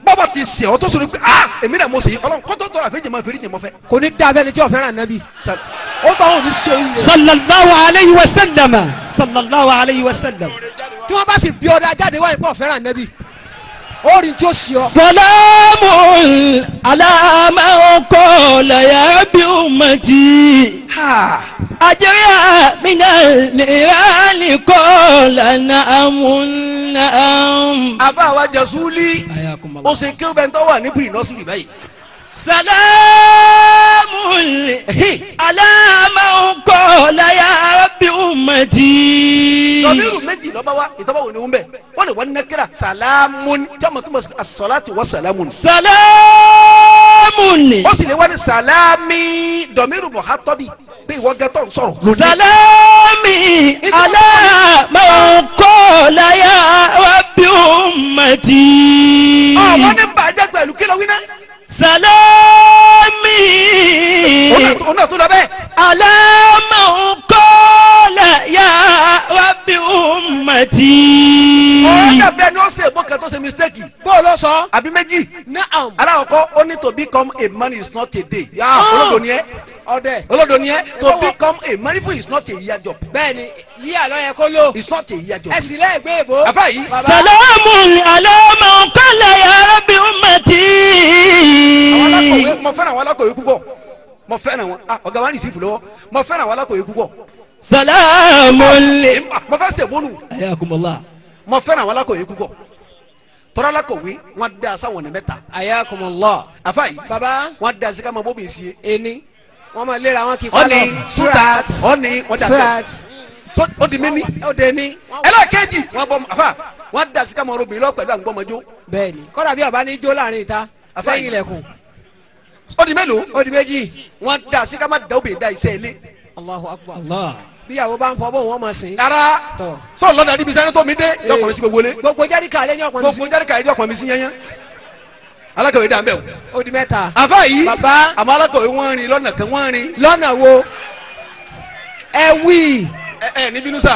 Speaker 2: bàbá ti sè ọ́ tó sọ pé ah èmi náà mo sè é ọlọ́run kó tó tọrọ àfẹ́jẹ̀ máa fẹ́rí jẹ̀ mọ́ kò ní dáa ni tí o fẹ́ràn nábì. ó tọ́ òun ṣe é. sallallahu alayhi wa sallam sallallahu alayhi wa sallam tí wọ́n bá sì bí ọ̀dà jáde wáyé pọ̀ fẹ́ràn nẹ́bí ó rí tí ó sì ọ. sọlámù aláàmọ́kọ́ lọ́yà bí ó mọ̀ tí. àjẹrẹ́ àmìnà nìyànjú kọ́ lànà àmúnà. àbá àwa jẹ súlí ó ṣe kí ó bẹ ń tọ́wà níbi ìlọsùn ìbáyìí. سلام على من قال يا رب أمتي dọ̀míìrù méjì lọ́ba wa ìtọ́ba wò ni wọ́n bẹ̀ wọ́n lè wọ́n ní kíra sàlámùn jọ́mọ̀ tó mọ̀ sí asọ́láàtì wọ́n sàlámùn. sàlámùn ni. ó sì lè wọ́n ní sàlámì dọ̀míìrù mọ̀hátọ́bì bí ìwọ́n gẹ́tọ̀ ń pẹ̀lú kí ló wí náà. sàlámì. òun náà tó lọ bẹ́ẹ̀. alámà ń kọ́lẹ̀ yá rábì ummati. ọ̀rọ̀ kẹfẹ́ ni ó ṣe èbó tó ṣe mistake. bó o lọ sọ. àbí méjì. ní àwọn. aláwọ̀ ó ní to become a man is not a day. yà á olóògbé ni ẹ ọdẹ. olódo ni ẹ to become a marriage is not a year job. bẹ́ẹ̀ni yí àlọ yẹ kó lò. it's not a year job. ẹsìn lẹ́yìn gbé èbó. bàbá yìí. sàlámù àlọ́mọ kọ́lẹ̀ yàrá bí ó mọ̀ tí. àwọn alákọ̀wé mo fẹ́ràn àwọn alákọ̀wé púpọ̀ mo fẹ́ràn wọn ah, ọ̀gá wa ní ìsìnkú lọ́wọ́ mo fẹ́ràn àwọn ah, mo fẹ́ sèwọ́nù. ayé àkùmọ̀lá. mo fẹ́ràn àwọn alákọ̀wé púpọ̀ tọ́lá kọ̀wé wọn da sáwọn ní mẹ́ta. àyà kọ̀mọ̀lá. àfàyè. baba wọn da sí ká máa wọ́n máa léra wọn kì í kọ́ lọ. ọ̀nì surat ọ̀nì ọjà surat ó di mímí ó di ní. ẹlẹ́ẹ̀kejì wọ́n bọ́ àfà wọ́n da sí kámọ́ obìnrin lọ pẹ̀lú àgbọ̀mọ́jó. bẹ́ẹ̀ni kọ́dà bí ọba ní jó láàrin ìta àfẹ́yìn ilẹ̀kùn. ó di mélòó ó di méjì wọ́n da sí kámọ́ da obìnrin da iṣẹ́ ilé. Allahu Akbar bíyàwó bá ń fọ bóun wọn mọ sí. rárá sọ lọ́dà níbi sẹ́ni tó mi dé yọkùnrin eh. sí gbogbo lé. gbogbo járíkà lé ní ọkùnrin sí. gbogbo járíkà lé ní ọkùnrin sí yẹn yẹn alákọ̀wé dà ń bẹ̀ o. ó di mẹ́ta. àfa yìí bàbá àmọ́ alákọ̀wé wọ́n rin lọ́nà kan wọ́n rin. lọ́nà wo ẹ wí. ẹ ẹ ní bínú sà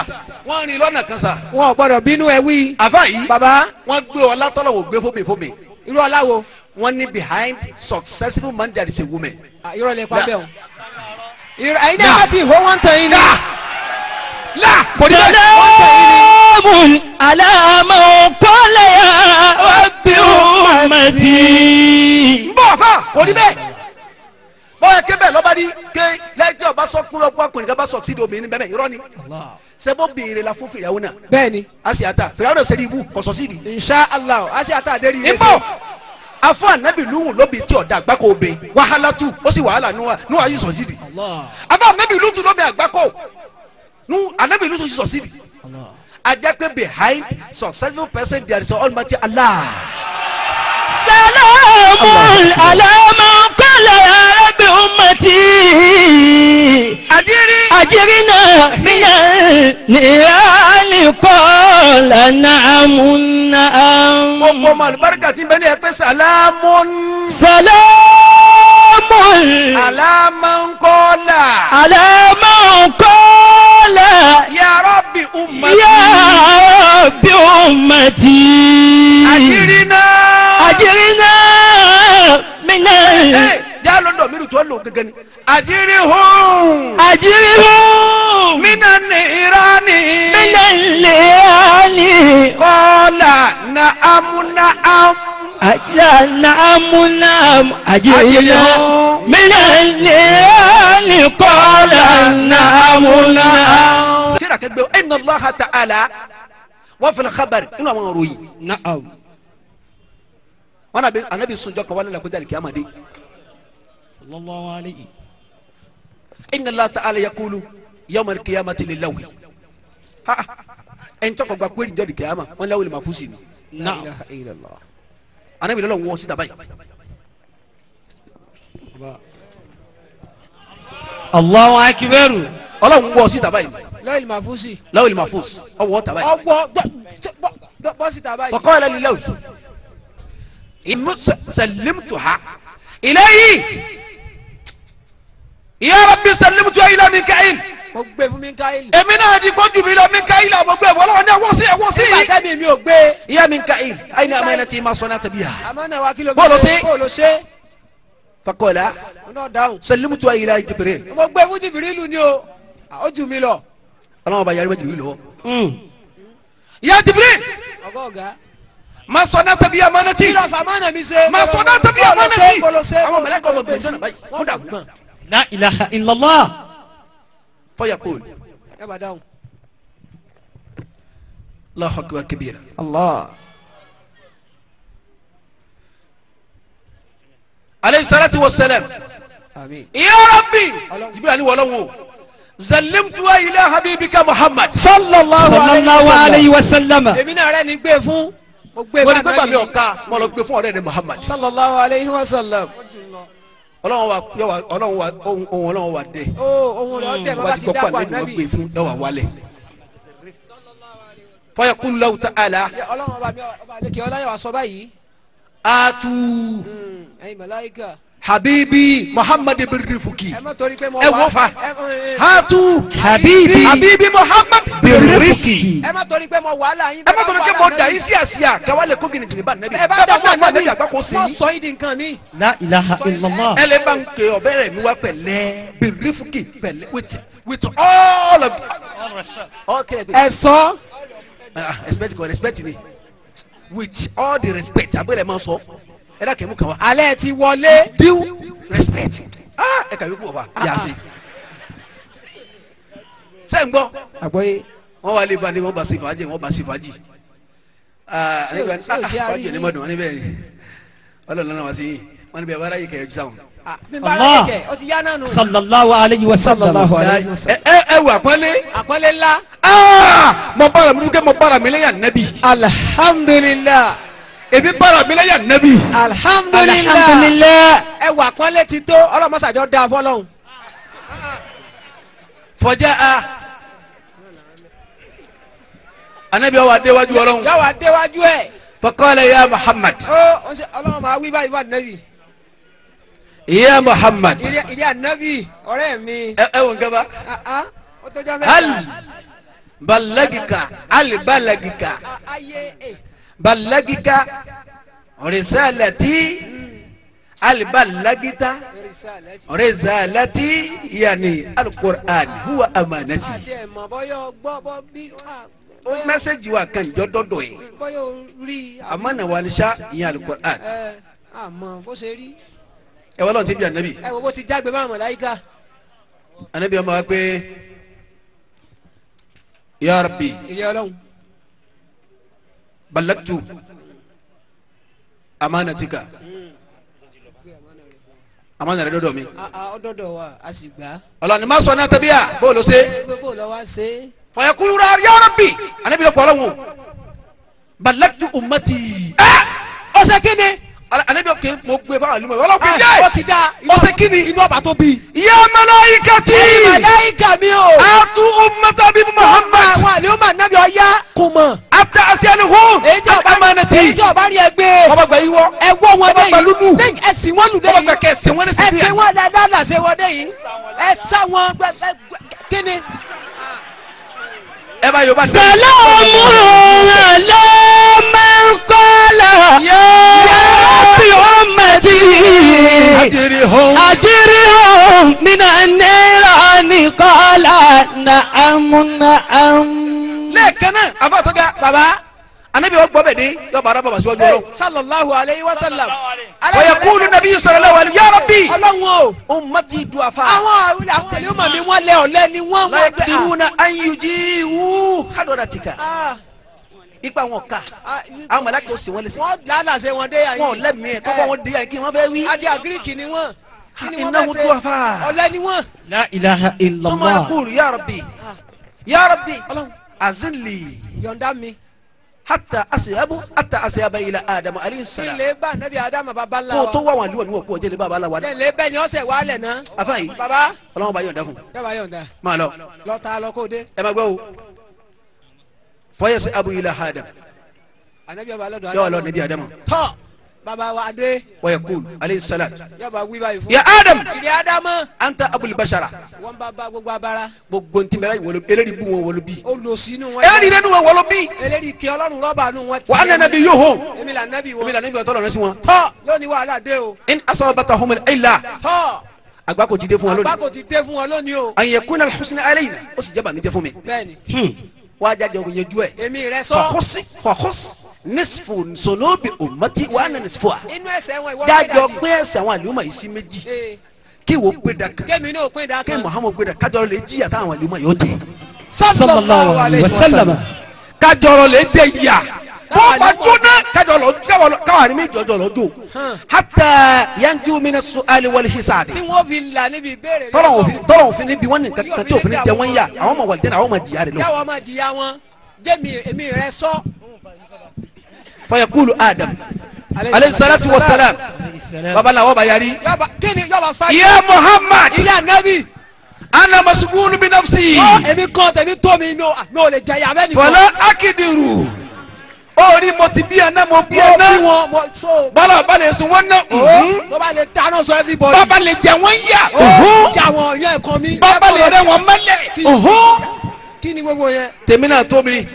Speaker 2: wọ́n rin lọ́nà kan sà. wọn ò gbọ́dọ̀ bínú ẹ wí. àfa yìí bàbá wọ́n gbé ọlá tọ́lọ̀wọ̀ gbé fóbè fóbè. irú ọlá wo. wọ́n ní behind successful man there is a woman. irọ́ lè pa bẹ́ẹ̀ o. irọ́ ẹ̀yin náà ti hó wọ́n tán yín náà. La, kò ní bẹ́ẹ̀ wọ́n tẹ̀ ya ni. sàlámù aláàmọ̀ kọ́lẹ̀ yà wá bí ọmọdé. ń bọ̀ fà kò ní bẹ́ẹ̀ bọ́ ẹ kébẹ̀ lọ́ba ní ké lẹ́jọ́ ọba sọ kúrò ọkọ akùnrin kaba ni sẹ́bọ̀ béèrè la fún fìyàwó náà. bẹ́ẹ̀ni asiata fìyàwó náà sẹ́ni ibú kọ̀sọ̀ sídìí. insha allah asiata adéri yẹn. nbọ afọ anabi luhun lóbi tí ọ̀dà àgbákò obe Wahala tu ó sì wàhálà nuwa nuwa yìí sọ sídìí. afọ anabi luhun lóbi àgbákò nu anabi lutu should succeed ajakpe behind successful person there is almighty allah. salamu alaama kọ́lẹ̀ yá ummati ajirina mina nirani kọ́ọ̀lá nàámúnà. gbogbo ọmọ àlùbáríkà tí ń bẹ ní ẹgbẹ́ sàlámùn. sàlámùn. alámọ̀nkọ́lá. alámọ̀nkọ́lá. ya rabbi ummati. ya rabbi ummati. ajirina. ajirina mina. Hey, hey. já ló ń dọ̀ mí tó lò gẹ́gẹ́ ni. àjírí hùn. àjírí hùn. mina ni irani. mina ni irani. kọ́lá na amu na amu. Àjà nàámú nàámú àjìyà mílẹ̀ ilé nìkọ́lá nàámú nàámú. Ṣé ìràkẹ́ gbé inna Allaha ta'ala wọ́n fi xabari inú àwọn ọ̀rọ̀ yìí. Wọ́n nàbí ànábì sunjọ́ kan wọ́n lọ́la kó jáde kí á máa dé. صلى الله عليه إن الله تعالى يقول يوم القيامة للوي ها إن تقوى قوين دي القيامة من لوي المفوسين لا نعم. إله إلا الله أنا بيقول لهم واسي دبي الله أكبر الله واسي دبي لا المفوس لا المفوس هو تبعي فقال للوي إن سلمتها إليه ya rabbi sallimtu ila mikael. mo gbé fún mikael. èmi náà di gbójú mi lọ mikael àmọ́ gbé wọ́n lọ́wọ́ ní ẹ̀wọ́ sí ẹ̀wọ́ sí. nígbà tẹ́mi mi ò gbé. ya mikael ayi ni amọ̀ ẹ̀ ti ma sọ náà tẹ̀bi ha. àmọ́ náà wà kí ló gbé bóòlù ṣe. fakọ́lá sallimtu ila jibril. mo gbé fún jibril ni o ó jù mí lọ. ọlọ́wọ́ bá yàrá jibril lọ. Hmm. ya jibril. ọgọ́ ọ̀gá ma sọnna tabi amanati ma sọnna tabi amanati àwọn mẹlẹ kọ bọ bẹn sọnna bayi kó dà gbọn لا إله إلا الله فيقول يا أبدا الله أكبر كبيرا الله عليه الصلاة والسلام آمين يا ربي يقول أني ولو زلمت إلى حبيبك محمد صلى الله عليه وسلم èmi ara ni gbé fún mo gbé bàbá mi ọ̀ka mo lọ gbé ọlọ́run wa ọlọ́run wa ohun ọlọ́run wa dẹ. ó oh, ohun rẹ̀ ọ̀dẹ̀ bàbá ti dákọ̀ ànábì. wàá gbé fún lọ́wọ́ wálẹ̀. fọyọkùn lọ́wọ́ tá a la. ọlọ́run ọba mi ọba àlekè ọláyẹwà sọ báyìí. a tu. Hmm, ẹyin màláyíkà habibi muhammad bin rifuki ẹ wọ fa hatu habibi habibi muhammad bin rifuki ẹ má torí pé mo wàhálà yín bẹ́ẹ̀ má torí pé mo dà yín sí àṣìyà káwá lè kó gìrìgìrì bá nàbí ẹ bá dà wà nàbí àgbà kò sí. wọ́n sọ yín di nǹkan mi. la ilaha illallah. ẹ lè bá ń pe ọ̀bẹ rẹ̀ mi wá pẹ̀lẹ́ bin rifuki pẹ̀lẹ́ with with all of. ẹ sọ. Ah, respect God respect me with all the respect abẹ́rẹ́ máa sọ ẹ dá kẹ́mú kan wá. alẹ́ ti wọlé due respect ah, ẹ kàwé kú ọba yà á sí. sẹ́ ń gbọ́ àgbọ̀yé wọ́n wá lè ba wọ́n bá sí fàájì wọ́n bá sí fàájì. Ah, ah, fàájì ni mo dùn wọ́n níbẹ̀ yìí ọlọ́run náà wá sí yìí wọ́n níbẹ̀ wàrà yìí kẹ́ ẹ Allah sallallahu alayhi wa sallallahu alayhi wa sallam. Ẹ ẹ àpọ́nlé. Àpọ́nlé ńlá. Mo bára mi dúkẹ́ mo bára mi lẹ́yìn ànábì. Alhamdulillah èmi bọ̀rọ̀ mi lẹ́yìn ànábì. alhamdulilayi ẹ wà pọ́nlé ti tó ọlọ́mọsàjọ́ da fọlọ́hún. fọjá a ànábì ọwọ́ adéwájú ọlọ́hún. yàwó adéwájú ẹ̀. fọkọ́lẹ̀ ya muhammad. ó ọlọ́run máa wí báyìí bá ànábì. ya muhammad. ilé ànábì ọ̀rẹ́ mi. ẹ ẹ wò ń ó tó jẹ́ mẹ́ta. hali balagika hali balagika. ayé e balagika risalati alibalagita risalati yanni alukur'an huwa amanati. o mẹ́sẹ̀gì wa kan jọ dọ́dọ̀ ye a ma na walisa yan alukur'an. ẹ wọ́n lọ́n ti bí anabi. ẹ wo ti jágbe bá màláyíká. anabi ọmọ wa pé ya Rabbi. ilé balagtu amanatika amana rẹ dọdọ mi. ọdọdọ wa a sì gbà. ọlọ́ni má sọ náà tẹ́bí à bó ló ṣe. bó ló wá ṣe. fọyẹkulu rẹ yọ ọrọ bì lọ pọ Ọlọ́run balagtu umati. ẹ ọsẹ kí ni anabi ọkẹ mo gbé fáwọn àlùmọ ìwọlọ kò jẹ ọ ti ọsẹ kini inú ọba tó bi. ìyá mẹlẹ́yìíkà tí. mẹlẹ́yìkà mi o. a umata bí muhammad. àwọn àlè ọmọ anabi ọya kò mọ. after asiani hu. èyí ọba ní èyí ọba ní ẹgbẹ́. ọba gbẹ iwọ. ẹwọ wọn dẹ yìí bẹ́ẹ̀ ẹsìn wọn lù dẹ yìí. ọba gbẹ kẹsìn wọn ní sísè. ẹsìn wọn dáadáa là ṣe wọn dẹ yìí. ẹsà wọn kíni. ẹ bá yorùbá sẹ. pẹ̀lú òmùrùn ló máa ń kọ́ أمتي
Speaker 1: أجرهم
Speaker 2: أجرهم من النيران قال نعم نعم lẹ́ẹ̀kan náà àbá tó ga bàbá anabi wa gbọ́ bẹ̀ dé yọ bàrà bàbá síwájú ọlọ́. sallallahu alayhi wa sallam. wọ́yẹ kúlù nàbí sallallahu alayhi ya rabbi. ọlọ́wọ́ o ma ti du afa. àwọn àtẹlẹ́wọ̀n mi wọ́n lẹ́ ọ̀lẹ́ ni wọ́n wọ́n tẹ. láyé kí irun na an yu jí wú. kádọ́ra ti kà. ipa wọn kà ah, àwọn mọ̀láka ó sì wọ́n lé sí. wọ́n lánà ṣe wọn dé yàn yìí. wọn lẹ́mìí ẹ̀ kọ́kọ́ wọn dé yàn kí wọ́n fẹ́ wí. adé àgíríkì ni wọ́n. ináwó tó wà fà. ọ̀lẹ́ ni wọ́n. la ilaha illallah. ọmọ akuru ya rabbi ah. ya rabbi azinli. yọ̀ǹda mi. hata asiabu hata asiaba ila adamu alayhi salam. kí lè bá nabi adamu baba la wa. kó o tó wà wọn lúwọ̀ níwọ̀ kó o jẹ́ lè bá baba la wa. lè bẹ́ẹ̀ ni ọ̀sẹ̀ wàhálẹ̀ náà. àfáà yìí. baba. ọlọ́wọ́n bá yọ̀ǹda fún. dábàá yọ̀ǹda. máa lọ. lọ ta lọ kó o dé. ẹ má gbọ́ o fọyẹsẹ abu ila adam anabi ọba alọdọ adam yọ ọlọ nabi adam tọ baba wa ade wọyẹ kúl aleyhi salat yaba wi báyìí fún ya adam ìdí adam anta abul bashara wọn bá ba gbogbo abara gbogbo ntí mẹrẹ wọlé eléyìí bú wọn wọlé bí olùsí nu wọn eléyìí nínú wọn wọlé bí eléyìí kí ọlọ́run rọ́bà nu wọn tiẹ̀ wà á nana emi là nabi wọn emi là nabi wọn tọ́lọ̀ rẹ sí wọn tọ́ lónìí wàhálà dé o in asọ́ bàtà homer ayla tọ́ agbáko ti dé fún wọn lónìí agbáko ti dé fún wọn lónìí o àyẹ̀kú náà husna aleyhi ó sì jẹ́ bàmí jẹ́ fún mi. bẹ́ẹ̀ni hmm wàá jájọ yanjú ẹ. èmi rẹ sọ. fọkùsì fọkùsì nisfu sonobi omati wa na nisfu a. inú ẹsẹ̀ wọn ìwọ fẹ́ jájọ pé ẹsẹ̀ àwọn àlùmọ̀ yìí sí méjì. kí wo pé da kan. kémi ní òpin da kan. kí muhammed pé da kájọ lè jìyà táwọn àlùmọ̀ yóò dé. sallallahu alaihi wasallam kájọ lè dé yà wọ́n ma jóná kájọ lọ káwọ lọ káwọ àrímí jọjọ lọ jò. hata yanju mina su ali wali hisabi. ni wọn fi la níbi ìbéèrè. tọrọ òfin tọrọ òfin níbi wọn nìkan kan tí òfin jẹ wọn yà àwọn ọmọ wàlídẹ́nà àwọn ọmọ jìyà rẹ lọ. yàwọn ọmọ jìyà wọn jẹ́mi èmi rẹ sọ. fayakulu adam aleyhi wa salam babaláwo bayari. ya muhammad. ilé anabi ana masugun bi nafsi. ọ èmi kọ́ tẹ̀mí tó mi mi ò lè jẹ yàrá ẹnìkan. fọlá akidiru orí mo ti bí ẹ náà mo bí ẹ náà bọ́lá ọba lè sun wọn náà oh, bọ́lá lè dáná sọ everybody bọ́lá lè jẹ wọ́n yà oh, jà wọ́n yẹ ẹ̀kan mi bọ́lá lè rẹ wọ́n mẹ́lẹ̀ kí ni gbogbo yẹn. tèmi náà tó mi.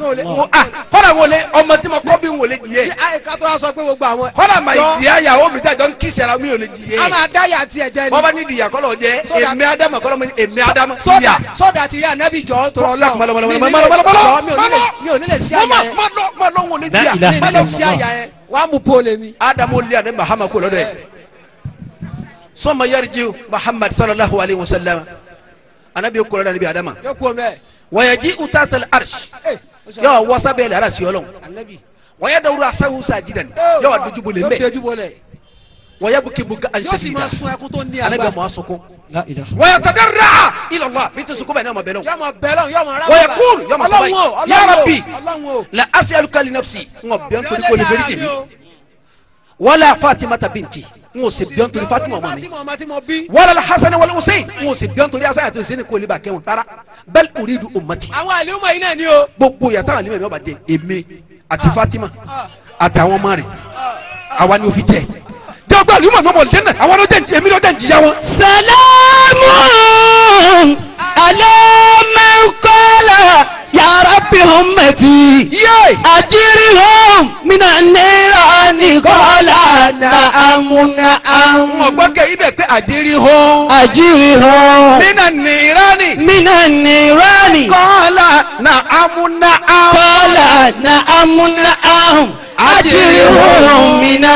Speaker 2: Ah, kọ́dà wo lé ọmọ tí mo kọ́ bí n wò lè jìyẹ. ká tó a sọ pé gbogbo àwọn. kọ́dà mà ìdíyà yàwó mi tàjọ kí sẹ́ra mi ò lè jìyẹ. a máa dá yà tiẹ̀ jẹ ni. bọ́bá ní ìdíyà kọ́lọ̀ jẹ èmi adama kọ́lọ̀ èmi adama ìyà. sọ́dà ti yà nẹ́bí jọ tọrọ lọ. mi ò ní lè ṣí àyà yẹn. mọ lọ mú pọ́ọ̀lù mi. adamu lé àdé mahama kó lọ́dọ̀ yẹ. sọ́mọ yẹ́rìjì muhammad sallallahu alayhi wa sallam anabi kúrò náà níbi adama. yẹ jí yọ wọ sábẹ́ ilẹ̀ ara sí ọlọ́run wọ́n yẹ dawuro asawu sajidan yọ wà dojú bolẹ̀ mbẹ́ wọ́n yẹ bukibu ansadida ale bẹ mọ asoko wọ́n yẹ tẹ̀dẹ̀ rà ilọ̀lá mi tẹ soko bẹ́ẹ̀ ní ọmọ bẹ́ẹ̀ náà wọ́n yẹ kúl yọmọ sọ́wọ́ yàrá bi la asiyalukali nafsi ń wọ bẹ́ẹ̀ ń torí kò lè bẹ́ẹ̀ wala fatimata binti n ò sì bí torí fatima ọmọ mi wala hasan wala hussein n ò sì bí ọ́n torí hasan àti hussein kò lè bá kẹ́wọn rárá bal uridu ummati. àwọn àlùmọ̀ yìí náà ni o. gbogbo yàtọ̀ àlùmọ̀ yìí náà bá èmi àti ah. fatima ah. àtàwọn ọmọ rẹ̀ ah. àwa ni ó fi tẹ̀ dọ́gba àlùmọ̀ náà mọ̀lẹ́ náà àwọn ọlọ́dẹ̀ ntì èmi lọ́dẹ̀ ntìyà wọn. sàlámù alámẹ́kọ́lá yàrá fi hàn mẹ́tì. àjírí hàn mina náírà nìkọ́lá na amúna amú. ọgbọ́n kẹ́ ibẹ̀ pé àjírí hàn. àjírí hàn. mina náírà ni. mina náírà ni. kọ́lá na amúna amú. kọ́lá na amúna amú. àjírí hàn mina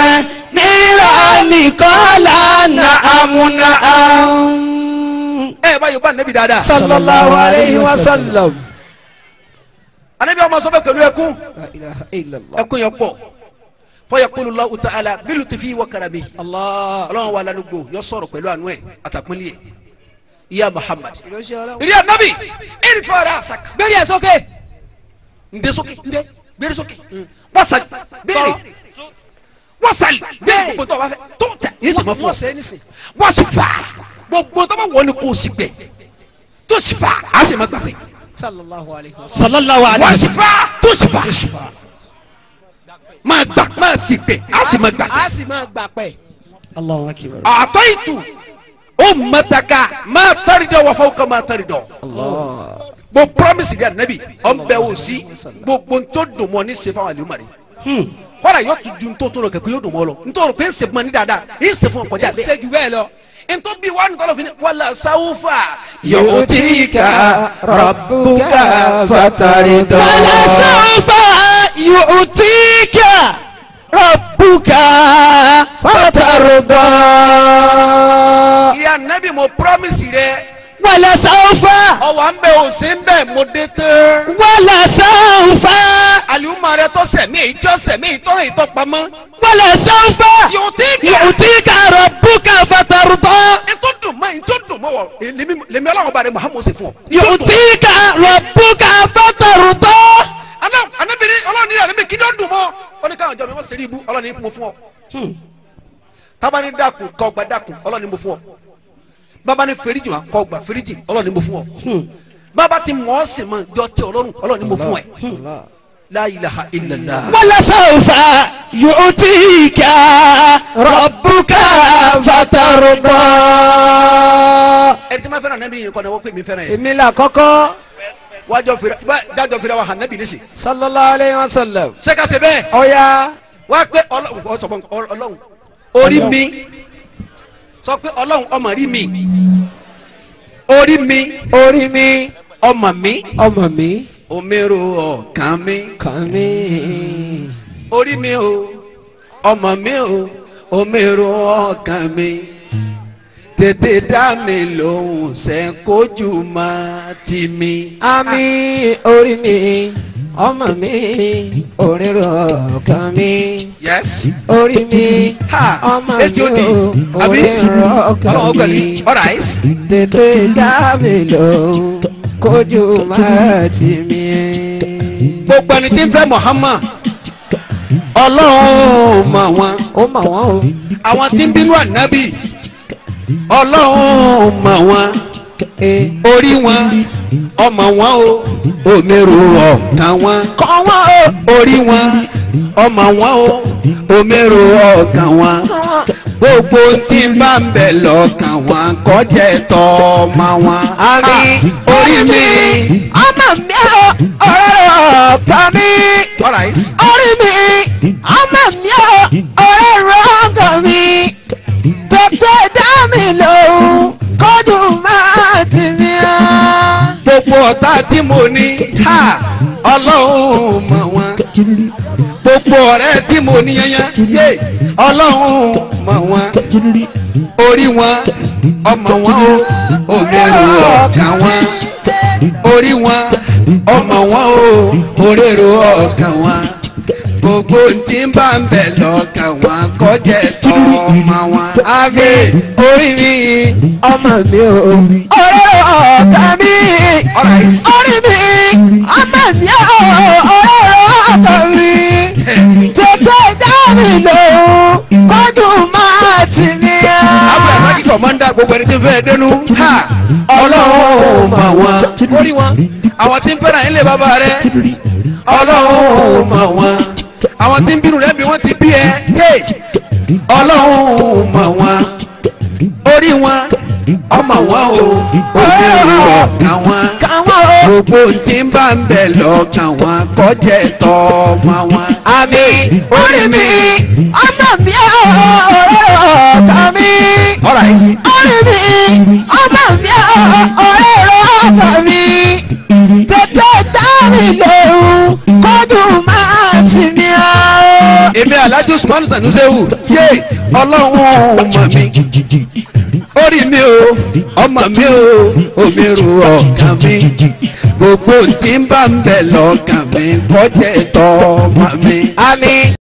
Speaker 2: nílànì kọ́lá nàámú nàámú. ẹ bá yorùbá nẹ́bí dáadáa. sallallahu alayhi wa sallam. anabi ọmọ sọfẹ pẹ̀lú ẹkún ẹkún yẹn pọ̀ fọyàkúlù lọ́wọ́ ta'ala bílù ti fi wọ karabi. ọlọ́run wa lálùgbò yọ sọ̀rọ̀ pẹ̀lú àánú ẹ̀ àtàkùnlé ẹ̀ iya muhammad ìrìn ànábì ìrìfọ̀rọ̀ àsàkà. bẹ́ẹ̀ni ẹ̀ sókè. ǹdẹ́ sókè ǹdẹ́ bẹ́ẹ̀ni sókè. pàṣẹ bẹ́ẹ̀ni wọ́sàlì bẹ́ẹ̀ gbogbo tó o bá fẹ́ tó tẹ yéé sọ ma fún ọ wọ́sì fà gbogbo tó bá wọ̀ ni kò sì gbẹ tó sì fà á sì má gbàgbé sallallahu alayhi wa sallam wọ́sì fà tó sì fà máa gbà máa sì gbẹ á sì má gbàgbé. á sì má gbàgbé.
Speaker 1: Allahu akbar.
Speaker 2: àtọ́ ìtù ummataka ma taridọ wa fawqa ma taridọ. gbogbo promise bi anabi ọ̀nbẹ̀ wò sí gbogbo ntọ́ dùnmọ́ ní sefa wàlúùmọ̀rẹ́. Hmm kọ́ra yóò tún ju ntó tó lọ kẹ́kẹ́ yóò dùn mọ́ lọ ntó rò pé ń sèpọ̀ ní dáadáa ń sèpọ̀ kọjá bẹ́ẹ̀. ń sèjú bẹ́ẹ̀ lọ ntó bí wà ní tọ́lọ̀ fi ní wàlà sáwùfà. yóò ti ka rabbuka fatari dọ́. wàlà sáwùfà yóò ti ka rabbuka fatari dọ́. ìyá nẹ́bí mo promise rẹ wàlẹ̀ sáwùfà. ọwọ́ à ń bẹ òsì ń bẹ mo dé tán. wàlẹ̀ sáwùfà. àlùmọ̀ rẹ tó sẹ̀mí ìjọ sẹ̀mí ìtọ́ ìtọ́pamọ́. wàlẹ̀ sáwùfà. yòòtí kàrọ̀ bùkà fàtàrùtọ́. ètò dùn mọ́ ètò dùn mọ́ wọ lèmi ọlọ́run bá rẹ muhammed sì fún ọ. yòòtí kàrọ̀ bùkà fàtàrùtọ́. anábìrin ọlọ́run ní ìyàrá mi kí ló dùn mọ́ ó ní káwọn ìjọba wọn ṣe bàbá ní fèrèjì wa kọ́ gbà fèrèjì ọlọ́run ni mo fún ọ hmm. bàbá ti mọ̀ ọ́ sì mọ̀ jọ tí ọlọ́run ọlọ́run ni mo fún ẹ. La ilaha illallah. Wala sawfa yu'tika rabbuka fatarda. Ẹ ti máa fẹ́ràn náà yìí kọ́ wọ́n pè mí fẹ́ràn yẹn. Èmi là kọ́kọ́ wájọ fira dájọ fira wa hànàbì nísì. sallallahu alayhi wa sallam. sẹ́ka ṣe ọ̀ya. wá pé ọlọ́run ọ̀sọ̀gbọ̀n ọlọ́run orí mi sọ pé ọlọ́run ọmọ rí mi orí mi orí mi ọmọ mi ọmọ mi omeru ọkàn mi kàn mí orí mi o ọmọ mi o omeru ọkàn mi tètè dá mi lóhùn sẹ́ńkójú máa ti mi. àmì orí mi ọmọ mi òrérò ọkàn mi orí mi ọmọ mi òrérò ọkàn mi tètè dá mi lò kójú máa tì mí. gbogbo ẹni tí ń fẹ́ Muhammad ọlọ́run ò ó mọ̀ wọn o. àwọn tí ń bínú ànábì ọlọ́run ò mọ̀ wọn. Eh. orí wọn ọmọ wọn o òmèrò ọ̀gá wọn kọ́ wọn o orí wọn ọmọ wọn o òmèrò ọ̀gá wọn gbogbo tí n bá ń bẹ̀ lọ́kàn wọn kọjá ẹ̀tọ́ ọmọ wọn. àmì orí mi ọmọ mi ọ ọ̀rẹ́ rẹ̀ ọ̀pá mi orí mi
Speaker 1: ọmọ mi ọ ọ̀rẹ́ rẹ̀ ọ̀gá mi tètè dá mi
Speaker 2: lóhùn kódùn máa ti ní á. gbogbo ọ̀tá tí mo ní ha ọlọ́run mọ̀ wọ́n gbogbo ọ̀rẹ́ tí mo ní yẹnyẹn yé ọlọ́run mọ̀ wọ́n orí wọn ọmọ wọn o òmìnira ọ̀kan wọn orí wọn ọmọ wọn o òrèrò ọ̀kan wọn gbogbo tí ń bá ń bẹ̀ lọ́kàn wá kọjẹ́ tọ́ ọmọ wọn. àgbè orí
Speaker 1: mi ọmọ mi o. ọ̀rẹ́ ọ̀tá mi orí mi ọmọ mi o ọ̀rẹ́ ọ̀tá mi tètè
Speaker 2: dá mi lòun kọ́dùn máa ti mi abúlé aláàjì kọ̀mọ́ndà gbogbo ẹni tí ń fẹ́ dénú ọlọ́run mà wọn orí wọn àwọn tí ń fẹ́ràn ilé bàbá rẹ ọlọ́run mà wọn àwọn tí ń bínú rẹ bí wọ́n ti bí ẹ ọlọ́run mà wọn orí wọn ọmọ wọn o òbí wọn àwọn gbogbo tí ń bá ń bẹ̀ lọ́kàn wọn kọjá ẹ̀tọ́ wọn wọn. àmì orí mi ọmọ mi ọ̀rẹ́ ọ̀tá mi orí mi
Speaker 1: ọmọ mi ọ̀rẹ́ ọ̀tá mi
Speaker 2: tètè. Sẹ́rìndéhùn kójú máa ti mi ọ́. Èmi Alhaji Usman Sanusewu yé ọlọ́run ọmọ mi. Orí mi o, ọmọ mi o, òmìnirù ọ̀kan mi. Gbogbo tí ń bá ń bẹ̀ lọ́kàn mi, kọ́jẹ́ tọ́ ọmọ mi.